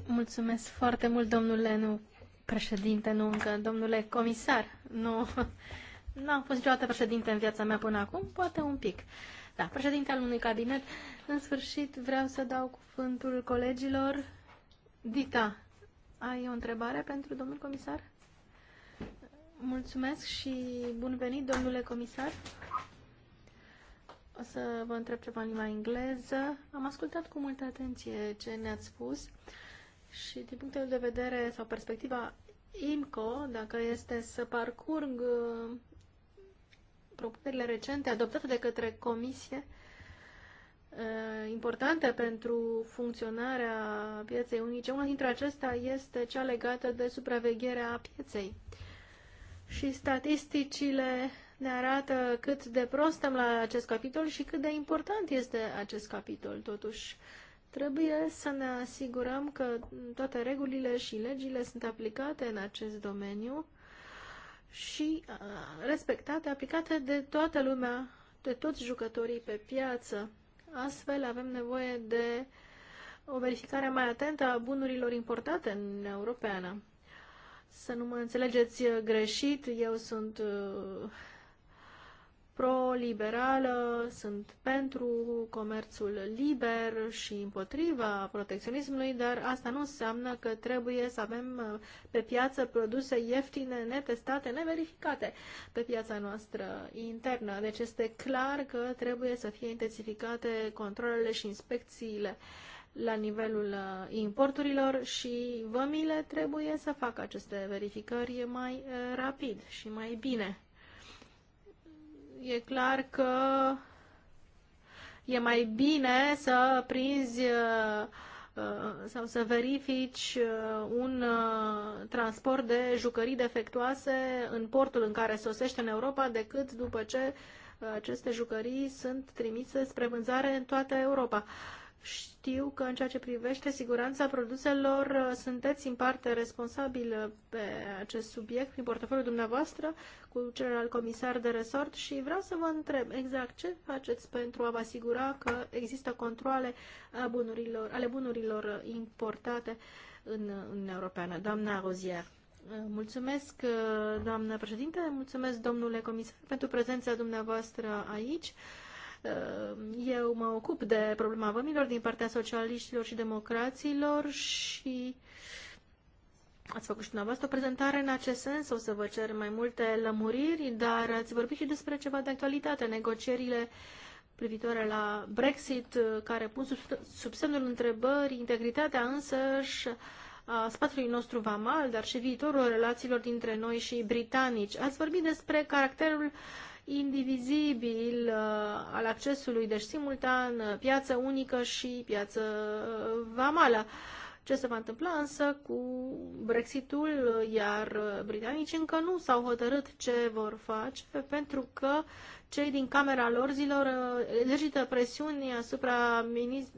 Mulțumesc foarte mult, domnule, nu președinte, nu încă, domnule comisar. Nu, nu am fost niciodată președinte în viața mea până acum, poate un pic. Da, președinte al unui cabinet. În sfârșit, vreau să dau cuvântul colegilor. Dita, ai o întrebare pentru domnul comisar? Mulțumesc și bun venit, domnule comisar. O să vă întreb ceva în limba engleză. Am ascultat cu multă atenție ce ne-ați spus și din punctul de vedere sau perspectiva IMCO, dacă este să parcurg uh, propunerile recente adoptate de către Comisie, uh, importante pentru funcționarea pieței unice. Una dintre acestea este cea legată de supravegherea pieței. Și statisticile ne arată cât de prost am la acest capitol și cât de important este acest capitol. Totuși, trebuie să ne asigurăm că toate regulile și legile sunt aplicate în acest domeniu și uh, respectate, aplicate de toată lumea, de toți jucătorii pe piață. Astfel, avem nevoie de o verificare mai atentă a bunurilor importate în Europeană. Să nu mă înțelegeți greșit, eu sunt uh, pro-liberală, sunt pentru comerțul liber și împotriva protecționismului, dar asta nu înseamnă că trebuie să avem uh, pe piață produse ieftine, netestate, neverificate pe piața noastră internă. Deci este clar că trebuie să fie intensificate controlele și inspecțiile la nivelul uh, importurilor și vămile trebuie să facă aceste verificări mai uh, rapid și mai bine e clar că e mai bine să prinzi uh, uh, sau să verifici uh, un transport de jucării defectuoase în portul în care sosește în Europa decât după ce aceste jucării sunt trimise spre vânzare în toată Europa. Știu că în ceea ce privește siguranța produselor uh, sunteți în parte responsabil uh, pe acest subiect prin portofoliul dumneavoastră cu celălalt comisar de resort și vreau să vă întreb exact ce faceți pentru a vă asigura că există controle a bunurilor, ale bunurilor uh, importate în Uniunea Europeană. Doamna Rozier. Mulțumesc, doamnă președinte, mulțumesc, domnule comisar, pentru prezența dumneavoastră aici. Uh, eu mă ocup de problema vămilor din partea socialiștilor și democraților și ați făcut și dumneavoastră o prezentare în acest sens. O să vă cer mai multe lămuriri, dar ați vorbit și despre ceva de actualitate, negocierile privitoare la Brexit, care pun sub, sub semnul întrebării integritatea însăși a spațiului nostru vamal, dar și viitorul relațiilor dintre noi și britanici. Ați vorbit despre caracterul uh, indivizibil uh, al accesului, deci simultan uh, piață unică și piață uh, vamală ce se va întâmpla însă cu Brexitul, iar britanicii încă nu s-au hotărât ce vor face, pentru că cei din Camera lor zilor eh, exercită presiuni asupra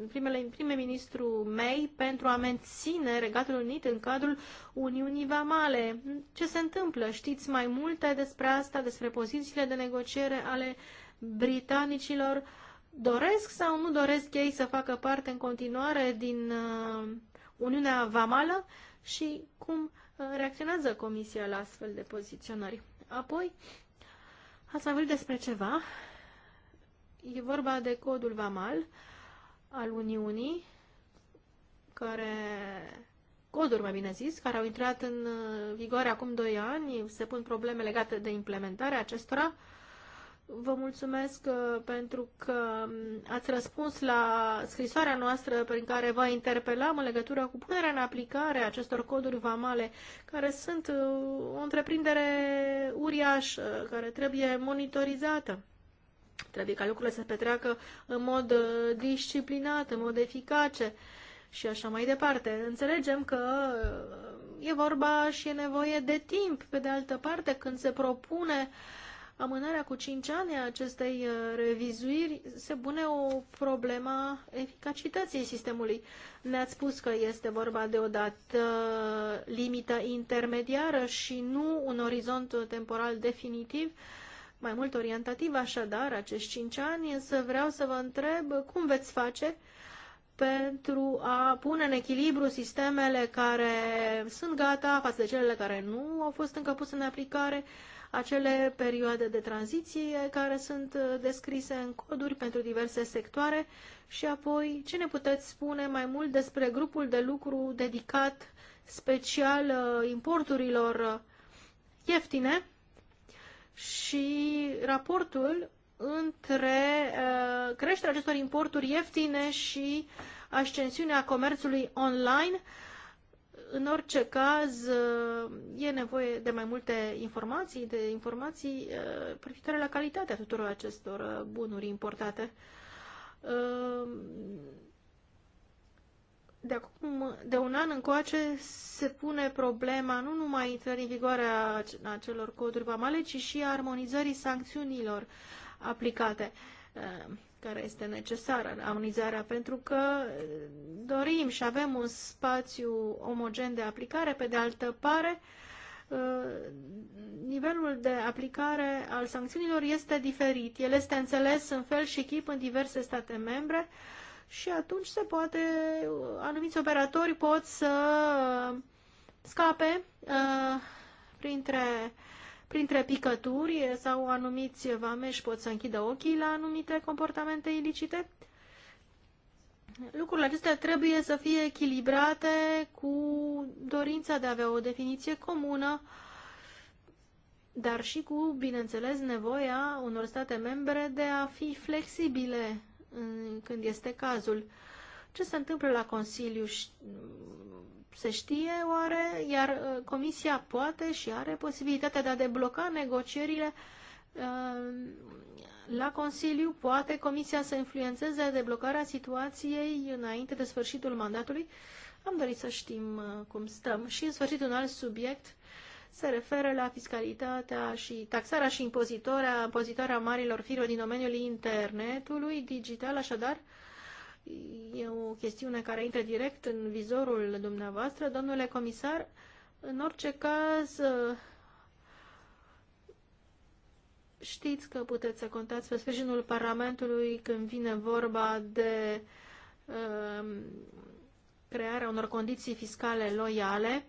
primele, prime ministru May pentru a menține Regatul Unit în cadrul Uniunii Vamale. Ce se întâmplă? Știți mai multe despre asta, despre pozițiile de negociere ale britanicilor? Doresc sau nu doresc ei să facă parte în continuare din uh, Uniunea Vamală și cum uh, reacționează Comisia la astfel de poziționări. Apoi, ați mai vorbit despre ceva. E vorba de codul Vamal al Uniunii, care coduri, mai bine zis, care au intrat în uh, vigoare acum 2 ani, se pun probleme legate de implementarea acestora. Vă mulțumesc uh, pentru că um, ați răspuns la scrisoarea noastră prin care vă interpelam în legătură cu punerea în aplicare acestor coduri vamale, care sunt uh, o întreprindere uriașă, care trebuie monitorizată. Trebuie ca lucrurile să se petreacă în mod uh, disciplinat, în mod eficace și așa mai departe. Înțelegem că e vorba și e nevoie de timp. Pe de altă parte, când se propune uh, amânarea cu 5 ani a acestei uh, revizuiri se pune o problema eficacității sistemului. Ne-ați spus că este vorba de o dată uh, limită intermediară și nu un orizont temporal definitiv, mai mult orientativ așadar acești 5 ani, însă vreau să vă întreb cum veți face pentru a pune în echilibru sistemele care sunt gata față de cele care nu au fost încă puse în aplicare, uh, acele perioade de tranziție care sunt uh, descrise în coduri pentru diverse sectoare și apoi ce ne puteți spune mai mult despre grupul de lucru dedicat special uh, importurilor uh, ieftine și raportul între creșterea acestor importuri ieftine și ascensiunea comerțului online în orice caz, uh, e nevoie de mai multe informații, de informații uh, privitoare la calitatea tuturor acestor uh, bunuri importate. De acum, de un an încoace, se pune problema nu numai intrării în vigoare a acelor coduri vamale, ci și a armonizării sancțiunilor aplicate care este necesară, armonizarea, pentru că dorim și avem un spațiu omogen de aplicare, pe de altă parte, nivelul de aplicare al sancțiunilor este diferit. El este înțeles în fel și chip în diverse state membre și atunci se poate, anumiți operatori pot să scape printre uh, printre picături sau anumiți vameși pot să închidă ochii la anumite comportamente ilicite. Lucrurile acestea trebuie să fie echilibrate cu dorința de a avea o definiție comună, dar și cu, bineînțeles, nevoia unor state membre de a fi flexibile când este cazul. Ce se întâmplă la Consiliu se știe oare? Iar uh, Comisia poate și are posibilitatea de a debloca negocierile uh, la Consiliu. Poate Comisia să influențeze deblocarea situației înainte de sfârșitul mandatului. Am dorit să știm uh, cum stăm. Și în sfârșit un alt subiect se referă la fiscalitatea și taxarea și impozitarea, impozitarea marilor firme din domeniul internetului digital, așadar, E o chestiune care intră direct în vizorul dumneavoastră, domnule comisar. În orice caz, știți că puteți să contați pe sprijinul Parlamentului când vine vorba de um, crearea unor condiții fiscale loiale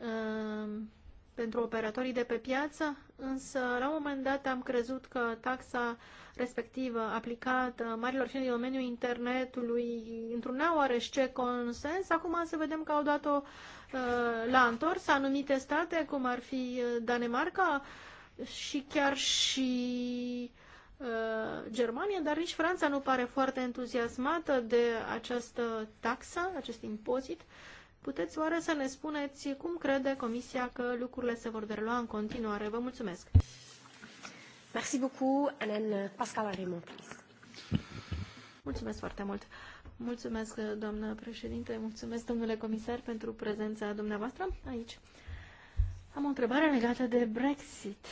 um, pentru operatorii de pe piață? însă la un moment dat am crezut că taxa respectivă aplicată marilor firme din domeniul internetului într-unul întrunea oarește consens. Acum să vedem că au dat-o uh, la întors anumite state, cum ar fi uh, Danemarca și chiar și uh, Germania, dar nici Franța nu pare foarte entuziasmată de această taxă, acest impozit. Uh, Puteți oare să ne spuneți cum crede Comisia că lucrurile se vor derula în continuare? Vă mulțumesc! Merci beaucoup, Alain Pascal Raymond, please. Mulțumesc foarte mult! Mulțumesc, doamnă președinte, mulțumesc, domnule comisar, pentru prezența dumneavoastră aici. Am o întrebare legată de Brexit.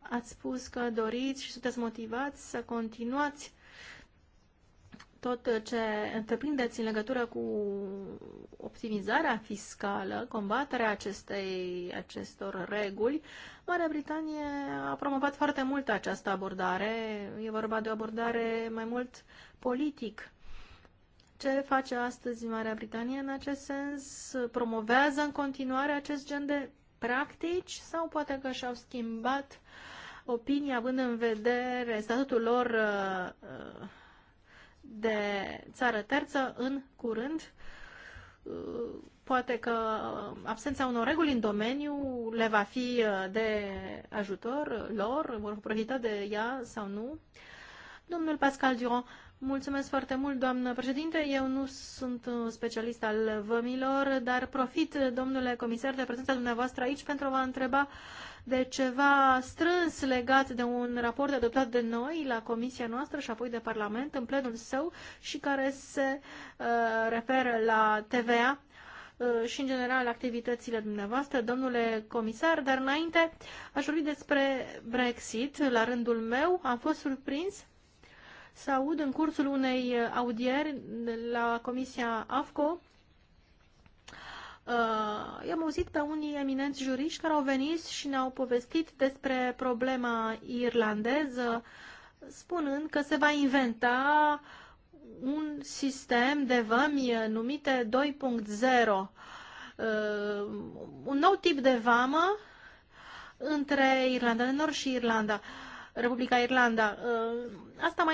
Ați spus că doriți și sunteți motivați să continuați tot ce întreprindeți în legătură cu optimizarea fiscală, combaterea acestei, acestor reguli, Marea Britanie a promovat foarte mult această abordare. E vorba de o abordare mai mult politic. Ce face astăzi Marea Britanie în acest sens? Promovează în continuare acest gen de practici sau poate că și-au schimbat opinia având în vedere statutul lor uh, uh de țară terță în curând. Poate că absența unor reguli în domeniu le va fi de ajutor lor, vor profita de ea sau nu. Domnul Pascal Durand, Mulțumesc foarte mult, doamnă președinte. Eu nu sunt specialist al vămilor, dar profit, domnule comisar, de prezența dumneavoastră aici pentru a vă întreba de ceva strâns legat de un raport adoptat de noi la comisia noastră și apoi de Parlament în plenul său și care se uh, referă la TVA uh, și, în general, activitățile dumneavoastră, domnule comisar, dar înainte aș vorbi despre Brexit. La rândul meu am fost surprins să aud în cursul unei audieri la Comisia AFCO Uh, i-am auzit pe unii eminenți juriști care au venit și ne-au povestit despre problema irlandeză, spunând că se va inventa un sistem de vămi numite 2.0, uh, un nou tip de vamă între Irlanda de Nord și Irlanda. Uh, Republica Irlanda. Uh, asta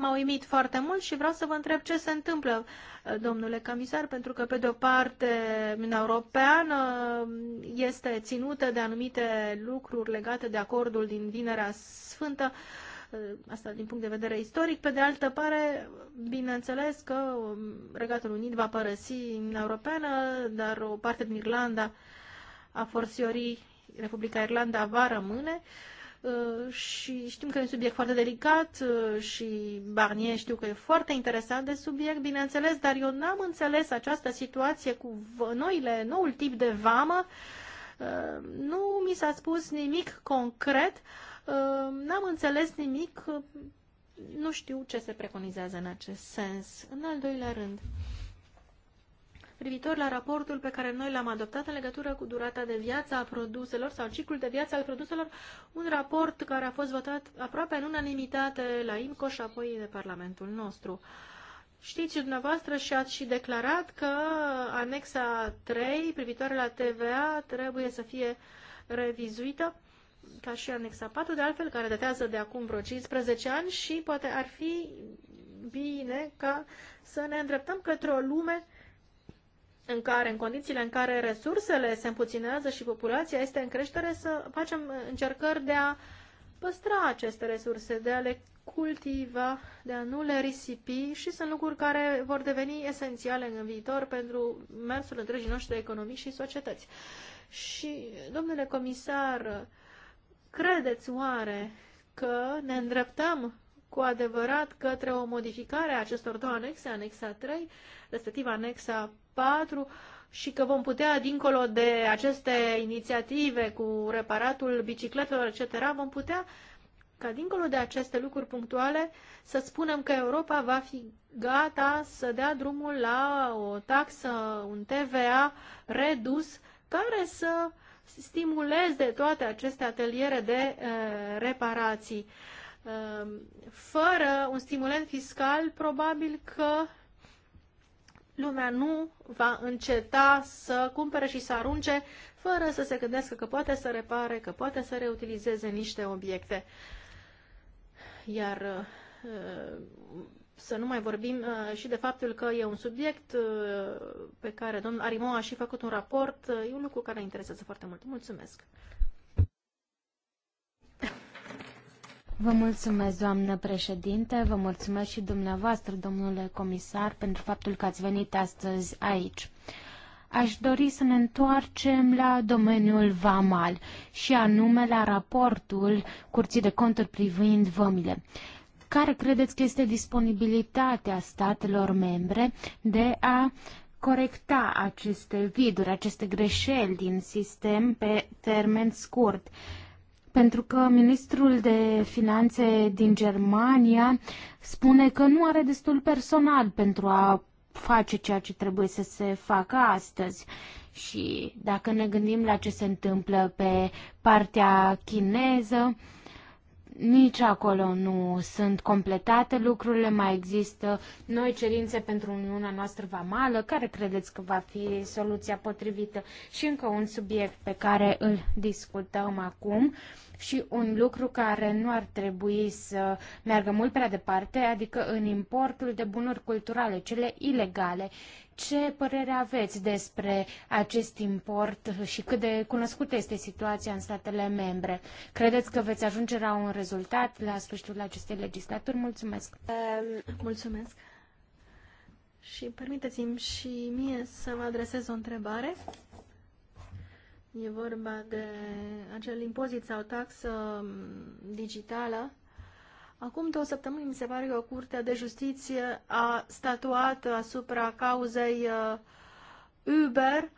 m-a uimit foarte mult și vreau să vă întreb ce se întâmplă, uh, domnule comisar, pentru că, pe de o parte, Uniunea Europeană uh, este ținută de anumite lucruri legate de acordul din Vinerea Sfântă, asta din punct de vedere istoric. Pe de altă parte, bineînțeles că um, Regatul Unit va părăsi Uniunea Europeană, dar o parte din Irlanda a forțiorii Republica Irlanda va rămâne. Uh, Uh, și știm că e un subiect foarte delicat uh, și Barnier știu că e foarte interesant de subiect, bineînțeles, dar eu n-am înțeles această situație cu noile, noul tip de vamă. Uh, nu mi s-a spus nimic concret, n-am înțeles nimic, nu știu ce se preconizează în acest sens. În al doilea rând, privitor la raportul pe care noi l-am adoptat în legătură cu durata de viață a produselor sau ciclul de viață al produselor, un raport care a fost votat aproape în unanimitate la IMCO și apoi de Parlamentul nostru. Știți și dumneavoastră și ați și declarat că anexa 3 privitoare la TVA trebuie să fie revizuită ca și anexa 4, de altfel, care datează de acum vreo 15 ani și poate ar fi bine ca să ne îndreptăm către o lume în care, în condițiile în care resursele se împuținează și populația este în creștere, să facem încercări de a păstra aceste resurse, de a le cultiva, de a nu le risipi și sunt lucruri care vor deveni esențiale în viitor pentru mersul întregii noștri economii și societăți. Și, domnule comisar, credeți oare că ne îndreptăm cu adevărat către o modificare a acestor două anexe, anexa 3, respectiv anexa 4 și că vom putea, dincolo de aceste inițiative cu reparatul bicicletelor, etc., vom putea ca dincolo de aceste lucruri punctuale să spunem că Europa va fi gata să dea drumul la o taxă, un TVA redus, care să stimuleze toate aceste ateliere de uh, reparații. Uh, fără un stimulent fiscal, probabil că lumea nu va înceta să cumpere și să arunce fără să se gândească că poate să repare, că poate să reutilizeze niște obiecte. Iar uh, să nu mai vorbim uh, și de faptul că e un subiect uh, pe care domnul Arimo a și făcut un raport, e un lucru care interesează foarte mult. Mulțumesc! Vă mulțumesc, doamnă președinte, vă mulțumesc și dumneavoastră, domnule comisar, pentru faptul că ați venit astăzi aici. Aș dori să ne întoarcem la domeniul VAMAL și anume la raportul Curții de Conturi privind vămile. Care credeți că este disponibilitatea statelor membre de a corecta aceste viduri, aceste greșeli din sistem pe termen scurt? Uh, pentru că ministrul de finanțe din Germania spune că nu are destul personal pentru a face ceea ce trebuie să se facă astăzi. Și dacă ne gândim la ce se întâmplă pe partea chineză, uh, nici acolo nu sunt completate lucrurile, mai există noi cerințe pentru Uniunea noastră vamală, care credeți că va fi soluția potrivită și încă un subiect pe care îl discutăm acum, și un lucru care nu ar trebui să meargă mult prea departe, adică în importul de bunuri culturale, cele ilegale. Ce părere aveți despre acest import și cât de cunoscută este situația în statele membre? Credeți că veți ajunge la un rezultat la sfârșitul acestei legislaturi? Mulțumesc! Mulțumesc! Și permiteți-mi și mie să vă adresez o întrebare E vorba de acel impozit sau taxă mm, digitală. Acum două săptămâni mi se pare că Curtea de Justiție a statuat asupra cauzei uh, Uber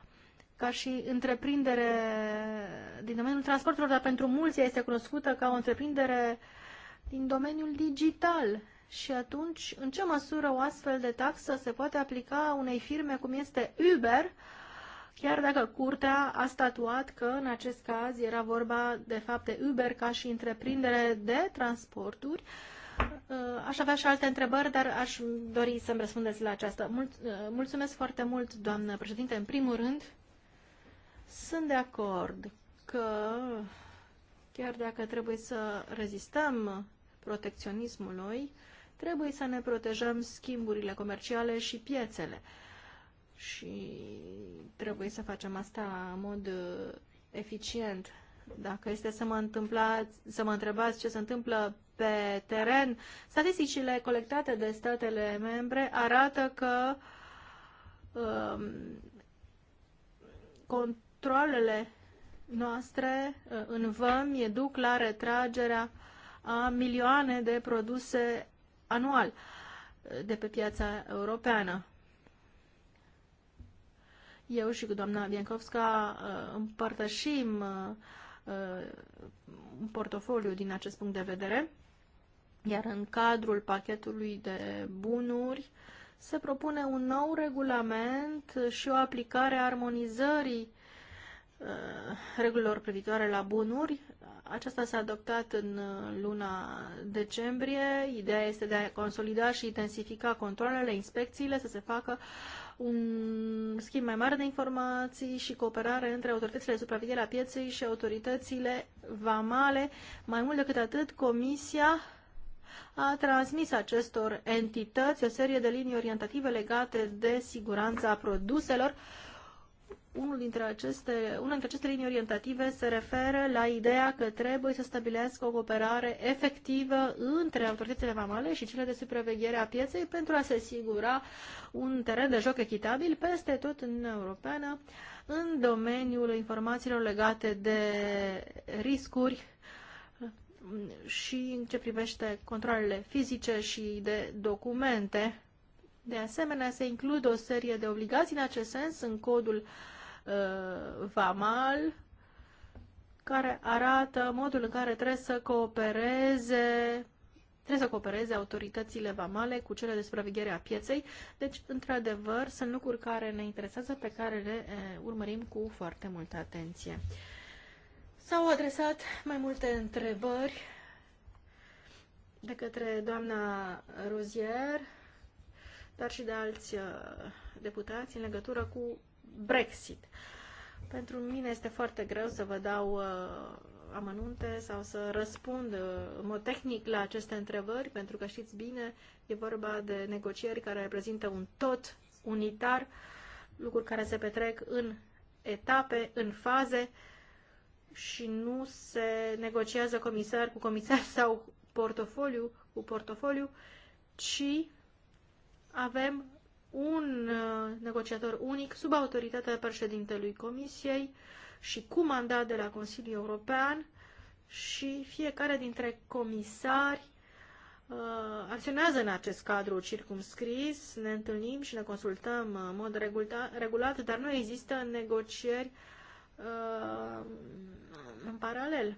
ca și întreprindere din domeniul transporturilor, dar pentru mulți este cunoscută ca o întreprindere din domeniul digital. Și atunci, în ce măsură o astfel de taxă se poate aplica unei firme cum este Uber, chiar dacă curtea a statuat că în acest caz era vorba de fapt de Uber ca și întreprindere de transporturi. Uh, aș avea și alte întrebări, dar aș dori să-mi răspundeți la aceasta. Uh, mulțumesc foarte mult, doamnă președinte. În primul rând, sunt de acord că chiar dacă trebuie să rezistăm protecționismului, trebuie să ne protejăm schimburile comerciale și piețele. Uh, și trebuie să facem asta în mod uh, eficient. Dacă este să mă, întâmpla, să mă întrebați ce se întâmplă pe teren, statisticile colectate de statele membre arată că um, controlele noastre uh, în vămi duc la retragerea a milioane de produse anual uh, de pe piața europeană. Eu și cu doamna Biancovska uh, împărtășim uh, uh, un portofoliu din acest punct de vedere, iar în cadrul pachetului de bunuri se propune un nou regulament și o aplicare a armonizării regulilor privitoare la bunuri. Aceasta s-a adoptat în luna decembrie. Ideea este de a consolida și intensifica controlele, inspecțiile, să se facă uh, un schimb mai mare de informații și cooperare între autoritățile de supraveghere a pieței și autoritățile vamale. Mai mult decât atât, Comisia a transmis acestor entități o serie de linii orientative legate de siguranța produselor unul dintre aceste, una dintre aceste linii orientative se referă la ideea că trebuie să stabilească o cooperare efectivă între autoritățile vamale și cele de supraveghere a pieței pentru a se asigura un teren de joc echitabil peste tot în Europeană în domeniul informațiilor legate de riscuri și în ce privește controlele fizice și de documente de asemenea, se includ o serie de obligații în acest sens în codul uh, VAMAL, care arată modul în care trebuie să coopereze trebuie să coopereze autoritățile vamale cu cele de supraveghere a pieței. Deci, într-adevăr, sunt lucruri care ne interesează, pe care le e, eh, urmărim cu foarte multă atenție. S-au adresat mai multe întrebări de către doamna Rozier dar și de alți uh, deputați în legătură cu Brexit. Pentru mine este foarte greu să vă dau uh, amănunte sau să răspund uh, în mod tehnic la aceste întrebări, pentru că știți bine, e vorba de negocieri care reprezintă un tot unitar, lucruri care se petrec în etape, în faze și nu se negociază comisar cu comisar sau portofoliu cu portofoliu, ci avem un uh, negociator unic sub autoritatea președintelui Comisiei și cu mandat de la Consiliul European și fiecare dintre comisari uh, acționează în acest cadru circumscris, ne întâlnim și ne consultăm în mod regulat, regulat dar nu există negocieri uh, în paralel.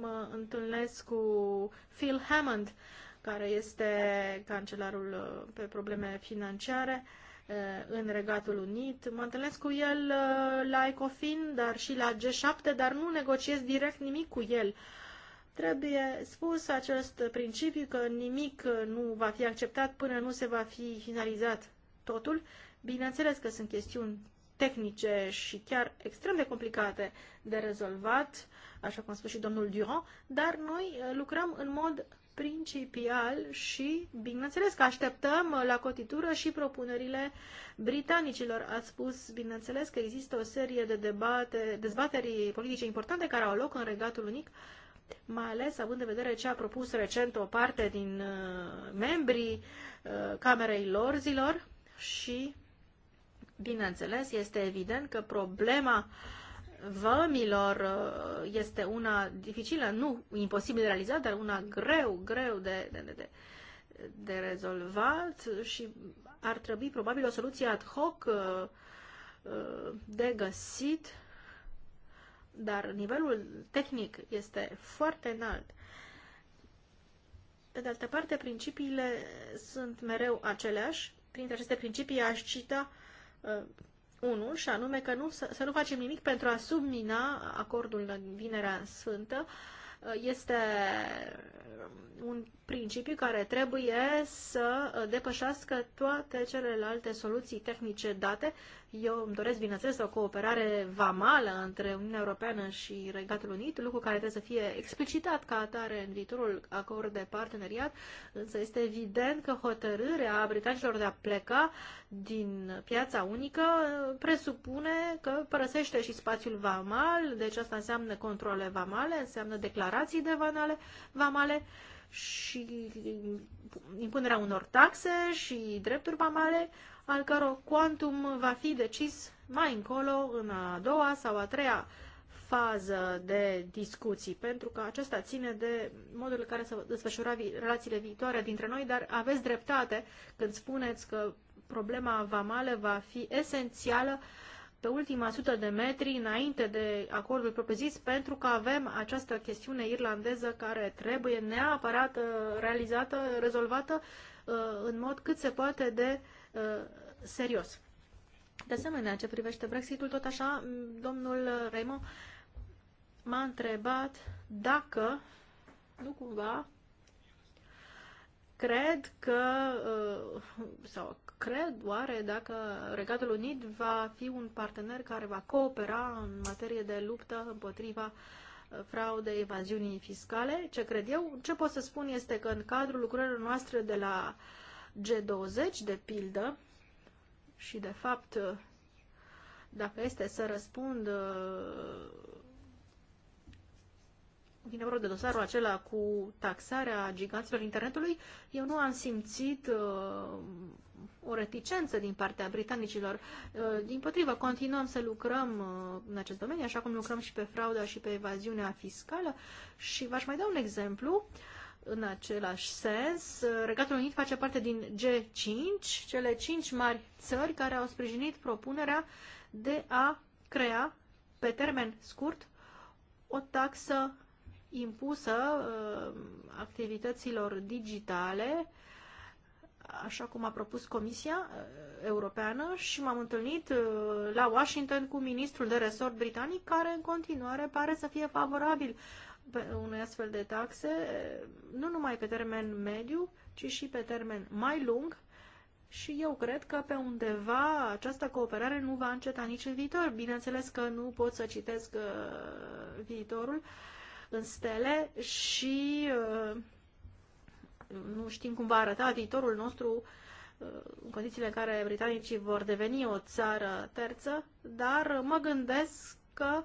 Mă întâlnesc cu Phil Hammond, uh, care este cancelarul uh, pe probleme financiare uh, în Regatul Unit. Mă întâlnesc cu el uh, la ECOFIN, dar și la G7, dar nu negociez direct nimic cu el. Trebuie spus acest principiu că nimic nu va fi acceptat până nu se va fi finalizat totul. Bineînțeles că sunt chestiuni tehnice și chiar extrem de complicate de rezolvat, așa cum a spus și domnul Durand, dar noi lucrăm în mod principial și, bineînțeles, că așteptăm la cotitură și propunerile britanicilor. a spus, bineînțeles, că există o serie de debate, dezbateri politice importante care au loc în Regatul Unic, mai ales având în vedere ce a propus recent o parte din uh, membrii uh, Camerei Lorzilor și, bineînțeles, este evident că problema uh, vămilor uh, este una dificilă, nu imposibil de realizat, dar una greu, greu de, de, de, de rezolvat și ar trebui probabil o soluție ad hoc uh, uh, de găsit, dar nivelul tehnic este foarte înalt. Pe de altă parte, principiile sunt mereu aceleași. Printre aceste principii aș cita unul, și anume că nu, să, să nu facem nimic pentru a submina acordul din Vinerea Sfântă. Uh, este un principiu care trebuie să depășească toate celelalte soluții tehnice date eu îmi doresc, bineînțeles, o cooperare vamală între Uniunea Europeană și Regatul Unit, lucru care trebuie să fie explicitat ca atare în viitorul acord de parteneriat, însă este evident că hotărârea britanicilor de a pleca din piața unică presupune că părăsește și spațiul vamal, deci asta înseamnă controle vamale, înseamnă declarații de vanale, vamale și impunerea unor taxe și drepturi vamale, al căror quantum va fi decis mai încolo, în a doua sau a treia fază de discuții, pentru că acesta ține de modul în care se desfășura vi relațiile viitoare dintre noi, dar aveți dreptate când spuneți că problema vamală va fi esențială pe ultima sută de metri înainte de acordul propriu-zis, pentru că avem această chestiune irlandeză care trebuie neapărat uh, realizată, rezolvată uh, în mod cât se poate de uh, Uh, serios. De asemenea, ce privește Brexitul, tot așa, domnul Remo m-a întrebat dacă, nu cumva, cred că, uh, sau cred oare dacă Regatul Unit va fi un partener care va coopera în materie de luptă împotriva uh, fraudei, evaziunii fiscale, ce cred eu, ce pot să spun este că în cadrul lucrărilor noastre de la uh, G20, de pildă, și de fapt, dacă este să răspund vine vorba de dosarul acela cu taxarea giganților internetului, eu nu am simțit uh, o reticență din partea britanicilor. Uh, din potrivă, continuăm să lucrăm uh, în acest domeniu, așa cum lucrăm și pe frauda și pe evaziunea fiscală. Și v-aș mai da un exemplu în același sens. Regatul Unit face parte din G5, cele cinci mari țări care au sprijinit propunerea de a crea, pe termen scurt, o taxă impusă uh, activităților digitale, așa cum a propus Comisia uh, Europeană și m-am întâlnit uh, la Washington cu ministrul de resort britanic, care în continuare pare să fie favorabil unei astfel de taxe, nu numai pe termen mediu, ci și pe termen mai lung și eu cred că pe undeva această cooperare nu va înceta nici în viitor. Bineînțeles că nu pot să citesc uh, viitorul în stele și uh, nu știm cum va arăta viitorul nostru uh, în condițiile în care britanicii vor deveni o țară terță, dar mă gândesc că uh,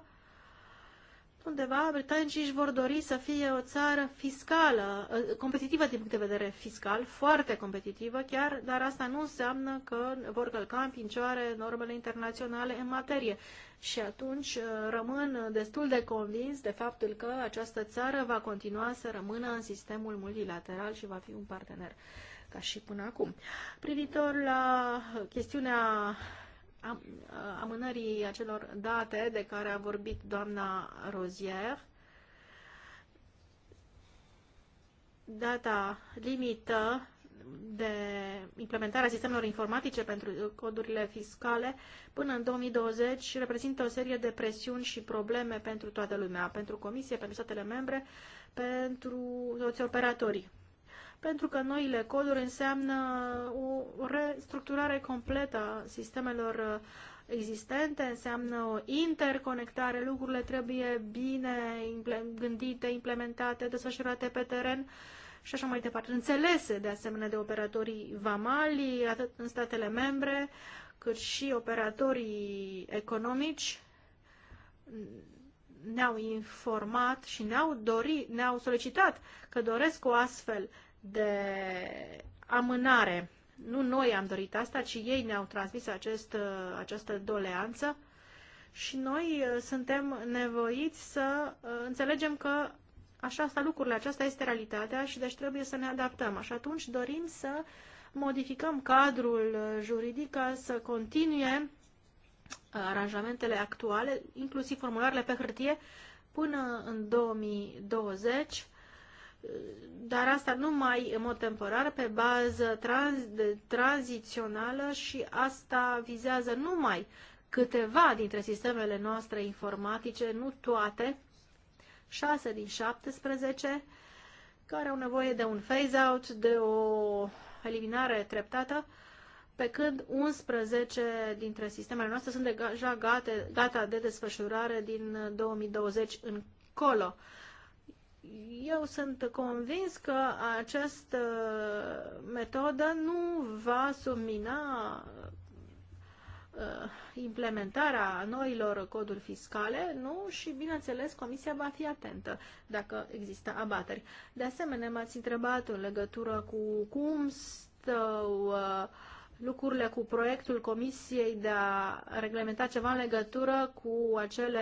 undeva britanicii își vor dori să fie o țară fiscală, eh, competitivă din punct de vedere fiscal, foarte competitivă chiar, dar asta nu înseamnă că vor călca în picioare normele internaționale în materie. Și atunci eh, rămân destul de convins de faptul că această țară va continua să rămână în sistemul multilateral și va fi un partener ca și până acum. Privitor la chestiunea am, uh, amânării acelor date de care a vorbit doamna Rozier. Data limită de implementarea sistemelor informatice pentru codurile fiscale până în 2020 reprezintă o serie de presiuni și probleme pentru toată lumea, pentru Comisie, pentru statele membre, pentru toți operatorii pentru că noile coduri înseamnă o restructurare completă a sistemelor uh, existente, înseamnă o interconectare, lucrurile trebuie bine gândite, implementate, desfășurate pe teren și așa mai departe, înțelese de asemenea de operatorii vamali, atât în statele membre, cât și operatorii economici ne-au informat și ne-au dorit, ne-au solicitat că doresc o astfel de amânare. Nu noi am dorit asta, ci ei ne-au transmis acest, această doleanță și noi uh, suntem nevoiți să uh, înțelegem că așa asta lucrurile, aceasta este realitatea și deci trebuie să ne adaptăm. Și atunci dorim să modificăm cadrul uh, juridic ca să continue aranjamentele actuale, inclusiv formularele pe hârtie, până în 2020 dar asta numai în mod temporar, pe bază trans- de, tranzițională și asta vizează numai câteva dintre sistemele noastre informatice, nu toate, 6 din 17, care au nevoie de un phase-out, de o eliminare treptată, pe când 11 dintre sistemele noastre sunt deja gata, gata de desfășurare din 2020 încolo eu sunt convins că această metodă nu va submina uh, implementarea noilor coduri fiscale, nu? Și, bineînțeles, Comisia va fi atentă dacă există abateri. De asemenea, m-ați întrebat în legătură cu cum stau uh, lucrurile cu proiectul Comisiei de a reglementa ceva în legătură cu acele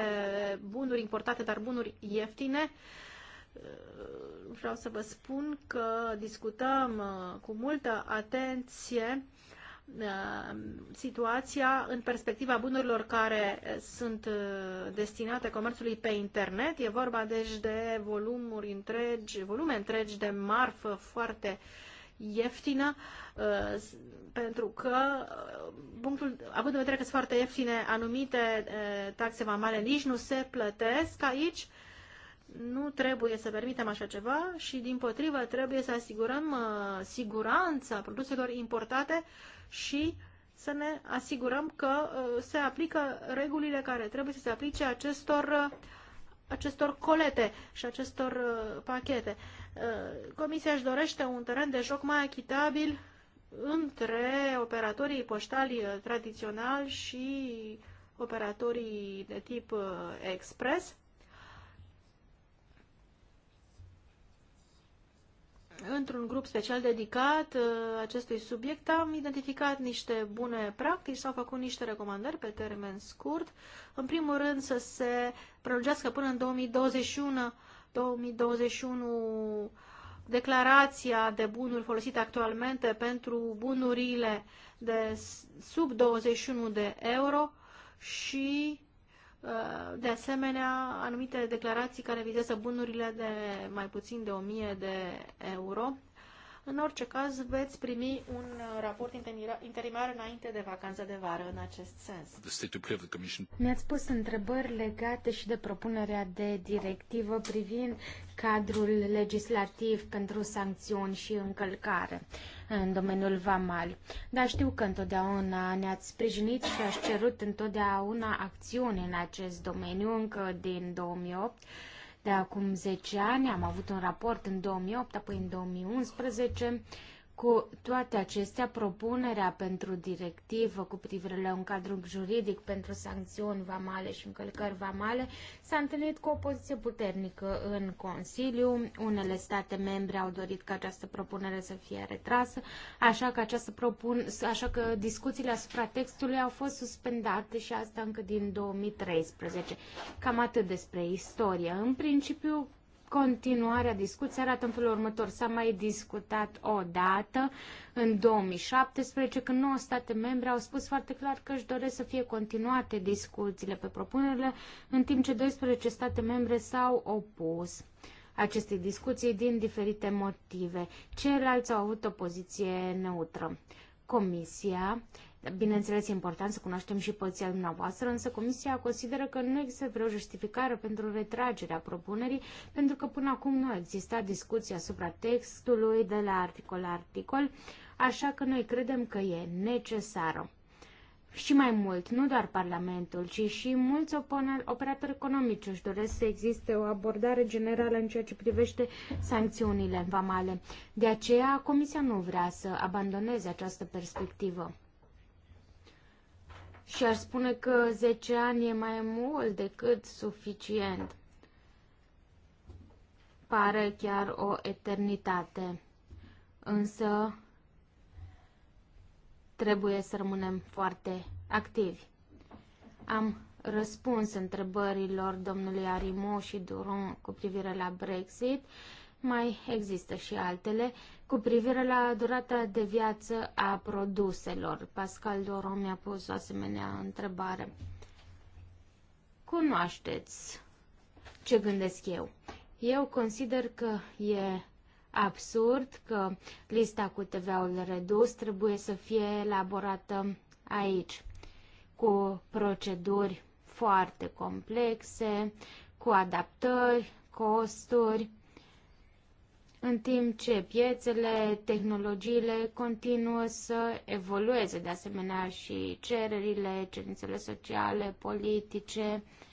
bunuri importate, dar bunuri ieftine. Uh, vreau să vă spun că discutăm uh, cu multă atenție uh, situația în perspectiva bunurilor care uh, sunt destinate comerțului pe internet. E vorba deci de volumuri întregi, volume întregi de marfă foarte ieftină, pentru că, punctul, având în vedere că sunt foarte ieftine anumite taxe vamale, nici nu se plătesc aici, nu trebuie să permitem așa ceva și, din potrivă, trebuie să asigurăm uh, siguranța produselor importate și să ne asigurăm că uh, se aplică regulile care trebuie să se aplice acestor, uh, acestor colete și acestor pachete. Comisia își dorește un teren de joc mai echitabil între operatorii poștali tradiționali și operatorii de tip expres într-un grup special dedicat uh, acestui subiect am identificat niște bune practici, s-au făcut niște recomandări pe termen scurt. În primul rând să se prelungească până în 2021, 2021 declarația de bunuri folosite actualmente pentru bunurile de sub 21 de euro și Uh, de asemenea, anumite declarații care vizează bunurile de mai puțin de 1000 de euro în orice caz, veți primi un uh, raport interimar înainte de vacanța de vară în acest sens. Mi-ați pus întrebări legate și de propunerea de directivă privind cadrul legislativ pentru sancțiuni și încălcare în domeniul VAMAL. Dar știu că întotdeauna ne-ați sprijinit și ați cerut întotdeauna acțiune în acest domeniu încă din 2008 de acum 10 ani, am avut un raport în 2008, apoi în 2011 cu toate acestea, propunerea pentru directivă cu privire la un cadru juridic pentru sancțiuni vamale și încălcări vamale s-a întâlnit cu o poziție puternică în Consiliu. Unele state membre au dorit ca această propunere să fie retrasă, așa că, această propun... așa că discuțiile asupra textului au fost suspendate și asta încă din 2013. Cam atât despre istorie. În principiu, continuarea discuției arată în felul următor. S-a mai discutat o dată în 2017 când 9 state membre au spus foarte clar că își doresc să fie continuate discuțiile pe propunerile, în timp ce 12 state membre s-au opus acestei discuții din diferite motive. Ceilalți au avut o poziție neutră. Comisia Bineînțeles, e important să cunoaștem și poziția dumneavoastră, însă Comisia consideră că nu există vreo justificare pentru retragerea propunerii, pentru că până acum nu a existat discuție asupra textului de la articol la articol, așa că noi credem că e necesară. Și mai mult, nu doar Parlamentul, ci și mulți operatori economici își doresc să existe o abordare generală în ceea ce privește sancțiunile vamale. De aceea, Comisia nu vrea să abandoneze această perspectivă și aș spune că 10 ani e mai mult decât suficient. Pare chiar o eternitate. Însă trebuie să rămânem foarte activi. Am răspuns întrebărilor domnului Arimo și Duron cu privire la Brexit mai există și altele, cu privire la durata de viață a produselor. Pascal Doro mi-a pus o asemenea întrebare. Cunoașteți ce gândesc eu. Eu consider că e absurd că lista cu TVA-ul redus trebuie să fie elaborată aici, cu proceduri foarte complexe, cu adaptări, costuri în timp ce piețele, tehnologiile continuă să evolueze, de asemenea și cererile, cerințele sociale, politice, uh,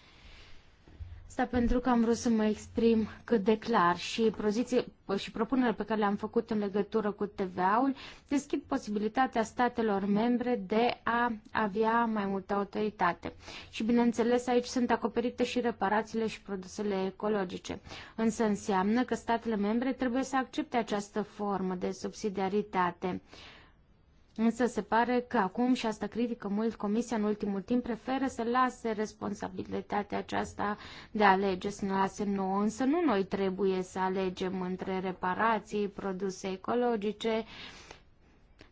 Asta pentru că am vrut să mă exprim cât de clar și, poziție, și propunerea pe care le-am făcut în legătură cu TVA-ul deschid posibilitatea statelor membre de a avea mai multă autoritate. Și, bineînțeles, aici sunt acoperite și reparațiile și produsele ecologice. Însă înseamnă că statele membre trebuie să accepte această formă de subsidiaritate. Uh, Însă se pare că acum, și asta critică mult Comisia în ultimul timp, preferă să lase responsabilitatea aceasta de alege, să ne lase nouă. Însă nu noi trebuie să alegem între reparații, produse ecologice,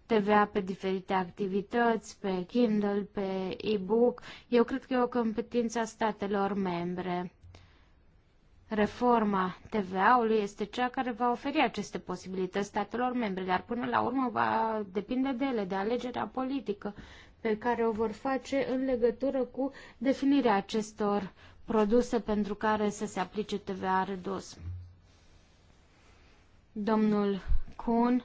TVA pe diferite activități, pe Kindle, pe e-book. Eu cred că e o competență a statelor membre. Reforma TVA-ului este cea care va oferi aceste posibilități statelor membre, dar până la urmă va depinde de ele, de alegerea politică pe care o vor face în legătură cu definirea acestor produse pentru care să se aplice TVA redus. Domnul Kuhn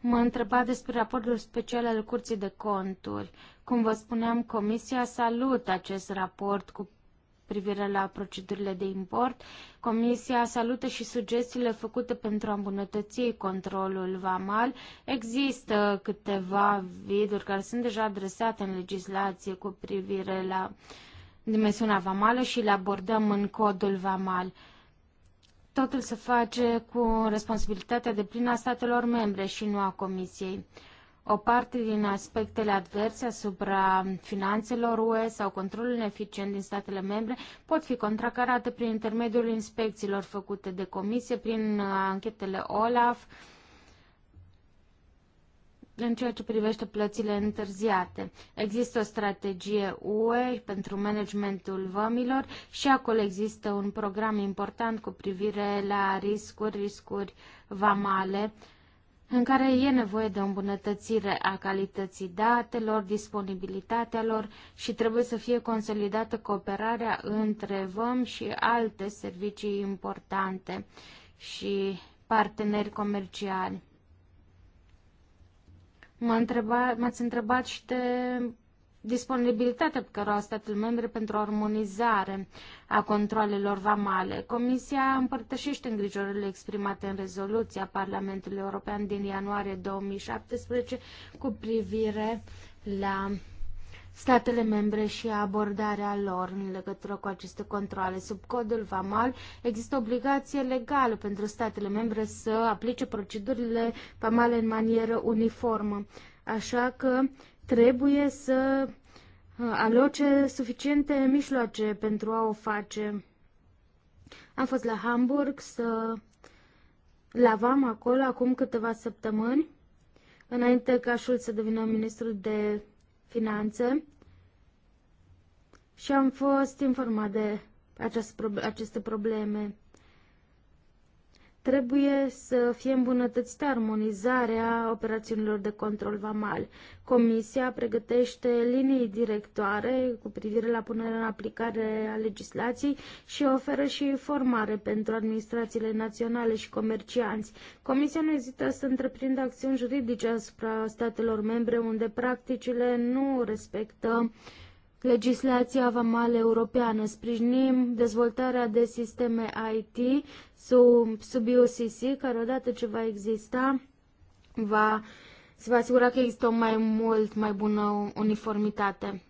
mă întreba despre raportul special al Curții de Conturi. Cum vă spuneam, Comisia salută acest raport cu privire la procedurile de import. Comisia salută și sugestiile făcute pentru a îmbunătăți controlul vamal. Există câteva viduri care sunt deja adresate în legislație cu privire la dimensiunea vamală și le abordăm în codul vamal totul se face cu responsabilitatea de plină a statelor membre și nu a Comisiei. O parte din aspectele adverse asupra finanțelor UE sau controlul eficient din statele membre pot fi contracarate prin intermediul inspecțiilor făcute de comisie, prin uh, anchetele OLAF, în ceea ce privește plățile întârziate. Există o strategie UE pentru managementul vămilor și acolo există un program important cu privire la riscuri, riscuri vamale, uh, în care e nevoie de o îmbunătățire a calității datelor, disponibilitatea lor și trebuie să fie consolidată cooperarea între VAM și alte servicii importante și parteneri comerciali. M-ați întrebat și de disponibilitatea pe care o au statele membre pentru armonizare a controlelor vamale. Comisia împărtășește îngrijorările exprimate în rezoluția Parlamentului European din ianuarie 2017 cu privire la statele membre și abordarea lor în legătură cu aceste controle. Sub codul VAMAL există obligație legală pentru statele membre să aplice procedurile VAMAL în manieră uniformă. Așa că trebuie să uh, aloce suficiente mijloace pentru a o face. Am fost la Hamburg să lavam acolo acum câteva săptămâni, înainte ca Șul să devină ministrul de finanțe și am fost informat de aceste probleme. Trebuie să fie îmbunătățită armonizarea operațiunilor de control vamal. Comisia pregătește linii directoare cu privire la punerea în aplicare a legislației și oferă și formare pentru administrațiile naționale și comercianți. Comisia nu ezită să întreprindă acțiuni juridice asupra statelor membre unde practicile nu respectă uh, legislația vamală europeană. Sprijinim dezvoltarea de sisteme IT sub, sub UCC, care odată ce va exista, va, se va asigura că există o mai mult mai bună uniformitate.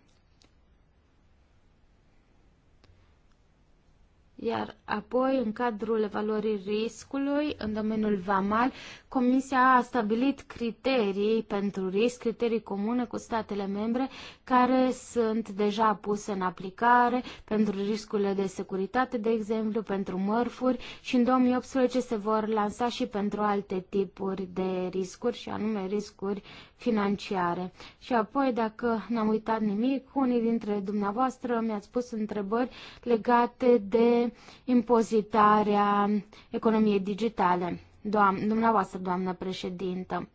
Iar apoi, în cadrul evaluării riscului, în domeniul VAMAL, Comisia a stabilit criterii pentru risc, criterii comune cu statele membre, care sunt deja puse în aplicare pentru riscurile de securitate, de exemplu, pentru mărfuri și în 2018 se vor lansa și pentru alte tipuri de riscuri, și anume riscuri financiare. Și apoi, dacă n-am uitat nimic, unii dintre dumneavoastră mi-ați pus întrebări legate de impozitarea economiei digitale. Doam, dumneavoastră, doamnă președintă,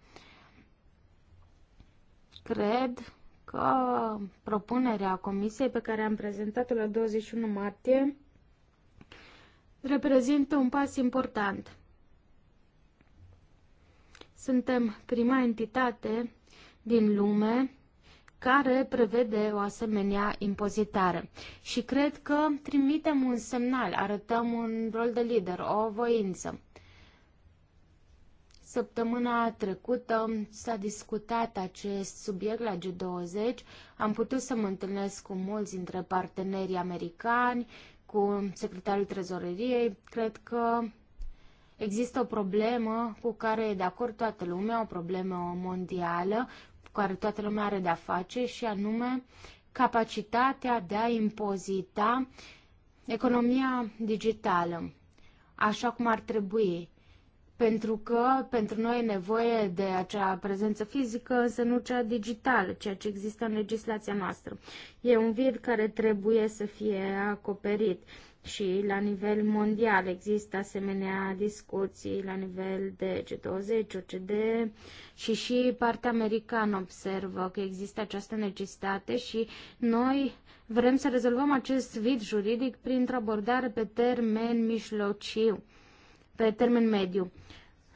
cred că propunerea comisiei pe care am prezentat-o la 21 martie reprezintă un pas important. Suntem prima entitate din lume care prevede o asemenea impozitare. Și cred că trimitem un semnal, arătăm un rol de lider, o voință. Săptămâna trecută s-a discutat acest subiect la G20. Am putut să mă întâlnesc cu mulți dintre partenerii americani, cu secretarul trezoreriei. Cred că Există o problemă cu care e de acord toată lumea, o problemă mondială cu care toată lumea are de-a face și anume capacitatea de a impozita economia digitală, așa cum ar trebui. Pentru că pentru noi e nevoie de acea prezență fizică, însă nu cea digitală, ceea ce există în legislația noastră. E un vid care trebuie să fie acoperit și la nivel mondial există asemenea discuții la nivel de G20, OCD și și partea americană observă că există această necesitate și noi vrem să rezolvăm acest vid juridic printr-o abordare pe termen mijlociu, pe termen mediu.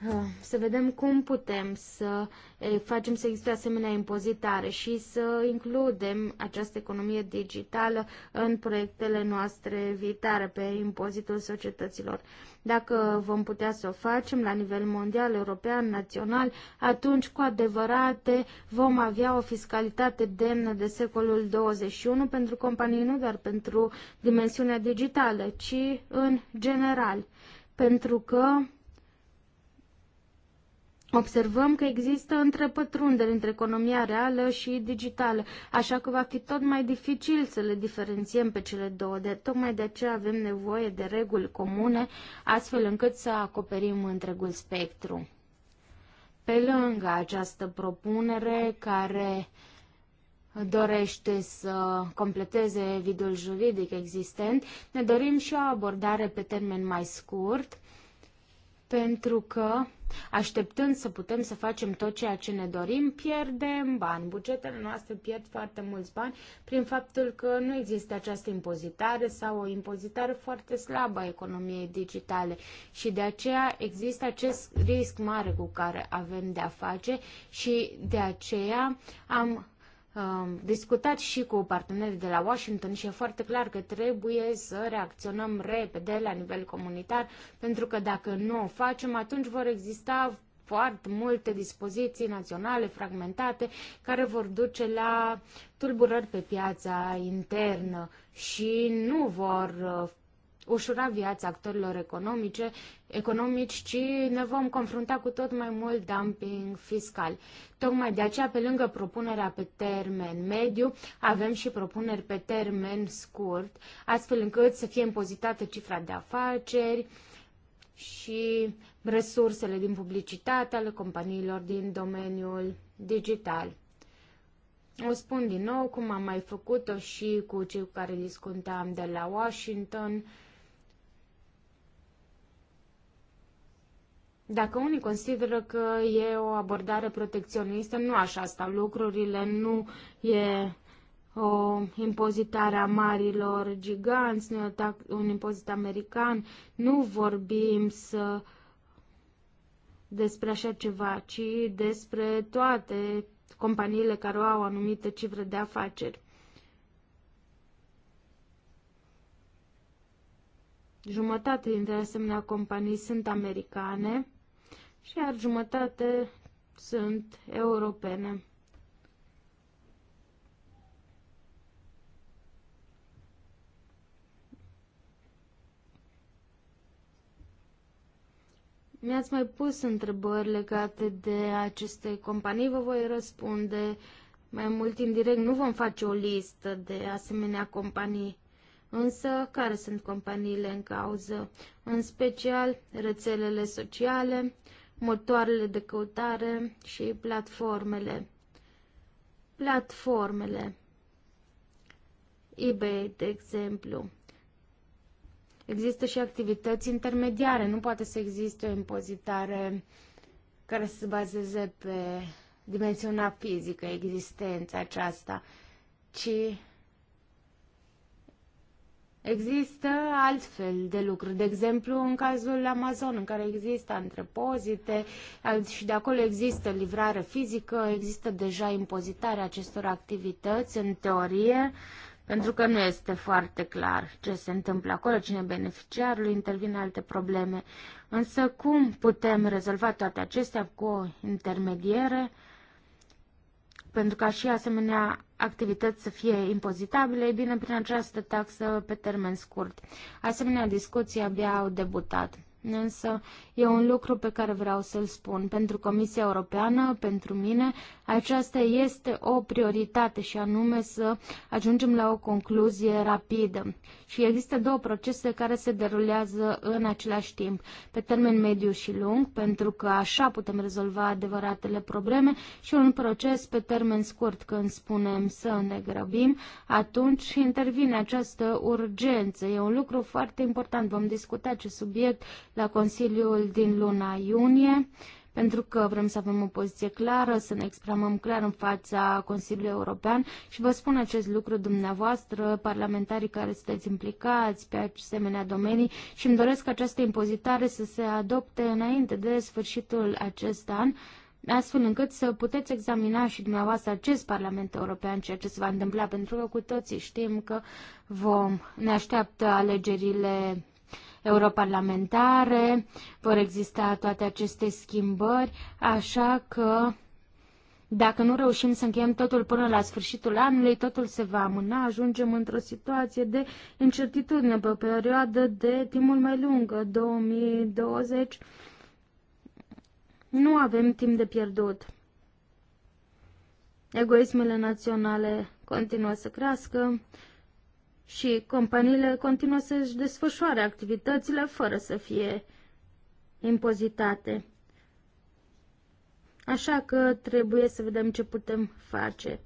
Ah, să vedem cum putem să facem să existe asemenea impozitare și să includem această economie digitală în proiectele noastre viitoare pe impozitul societăților. Dacă vom putea să o facem la nivel mondial, european, național, atunci cu adevărat vom avea o fiscalitate demnă de secolul 21 pentru companii, nu doar pentru dimensiunea digitală, ci în general. Pentru că Observăm că există întrepătrunderi între economia reală și digitală, așa că va fi tot mai dificil să le diferențiem pe cele două. De tocmai de aceea avem nevoie de reguli comune, astfel încât să acoperim întregul spectru. Pe lângă această propunere care dorește să completeze vidul juridic existent, ne dorim și o abordare pe termen mai scurt, pentru că așteptând să putem să facem tot ceea ce ne dorim, pierdem bani. Bugetele noastre pierd foarte mulți bani prin faptul că nu există această impozitare sau o impozitare foarte slabă a economiei digitale și de aceea există acest risc mare cu care avem de a face și de aceea am discutat și cu partenerii de la Washington și e foarte clar că trebuie să reacționăm repede la nivel comunitar, pentru că dacă nu o facem, atunci vor exista foarte multe dispoziții naționale fragmentate care vor duce la tulburări pe piața internă și nu vor uh, ușura viața actorilor economice, economici, ci ne vom confrunta cu tot mai mult dumping fiscal. Tocmai de aceea, pe lângă propunerea pe termen mediu, avem și propuneri pe termen scurt, astfel încât să fie impozitată cifra de afaceri și resursele din publicitate ale companiilor din domeniul digital. O spun din nou, cum am mai făcut-o și cu cei cu care discutam de la Washington, Dacă unii consideră că e o abordare protecționistă, nu așa stau lucrurile, nu e o impozitare a marilor giganți, nu e un impozit american, nu vorbim să despre așa ceva, ci despre toate companiile care au anumite cifre de afaceri. Jumătate dintre asemenea companii sunt americane și iar jumătate sunt europene. Mi-ați mai pus întrebări legate de aceste companii, vă voi răspunde mai mult indirect. Nu vom face o listă de asemenea companii, însă care sunt companiile în cauză? În special rețelele sociale, motoarele de căutare și platformele. Platformele. eBay, de exemplu. Există și activități intermediare. Nu poate să existe o impozitare care să se bazeze pe dimensiunea fizică, existența aceasta, ci Există altfel de lucruri, de exemplu în cazul Amazon, în care există antrepozite și de acolo există livrare fizică, există deja impozitarea acestor activități în teorie, pentru că nu este foarte clar ce se întâmplă acolo, cine beneficiarul, intervin alte probleme. Însă cum putem rezolva toate acestea cu o intermediere? Pentru că și asemenea activități să fie impozitabile, e bine, prin această taxă pe termen scurt. Asemenea, discuții abia au debutat. Însă e un lucru pe care vreau să-l spun. Pentru Comisia Europeană, pentru mine, aceasta este o prioritate și anume să ajungem la o concluzie rapidă. Și există două procese care se derulează în același timp, pe termen mediu și lung, pentru că așa putem rezolva adevăratele probleme și un proces pe termen scurt, când spunem să ne grăbim, atunci intervine această urgență. E un lucru foarte important. Vom discuta acest subiect la Consiliul din luna iunie, pentru că vrem să avem o poziție clară, să ne exprimăm clar în fața Consiliului European și vă spun acest lucru dumneavoastră, parlamentarii care sunteți implicați pe asemenea domenii și îmi doresc această impozitare să se adopte înainte de sfârșitul acest an, astfel încât să puteți examina și dumneavoastră acest Parlament European, ceea ce se va întâmpla, pentru că cu toții știm că vom, ne așteaptă alegerile europarlamentare, vor exista toate aceste schimbări, așa că dacă nu reușim să încheiem totul până la sfârșitul anului, totul se va amâna, ajungem într-o situație de incertitudine pe o perioadă de timp mult mai lungă, 2020. Nu avem timp de pierdut. Egoismele naționale continuă să crească, și companiile continuă să-și desfășoare activitățile fără să fie impozitate. Așa că trebuie să vedem ce putem face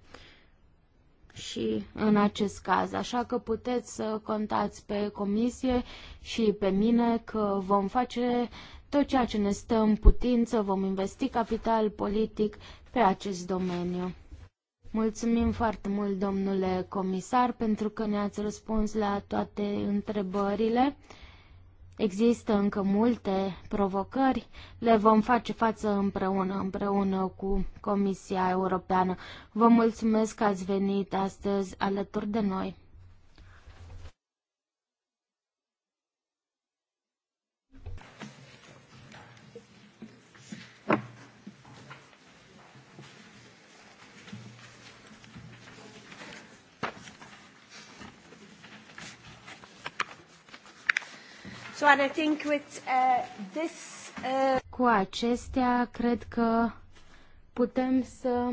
și în acest caz. Așa că puteți să contați pe comisie și pe mine că vom face tot ceea ce ne stă în putință, vom investi capital politic pe acest domeniu. Mulțumim foarte mult, domnule comisar, pentru că ne-ați răspuns la toate întrebările. Există încă multe provocări, le vom face față împreună, împreună cu Comisia Europeană. Vă mulțumesc că ați venit astăzi alături de noi. So, and I think with, uh, this, uh... Cu acestea, cred că putem să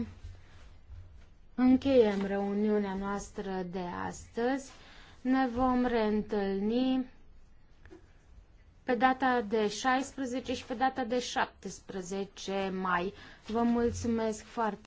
încheiem reuniunea noastră de astăzi. Ne vom reîntâlni pe data de 16 și pe data de 17 mai. Vă mulțumesc foarte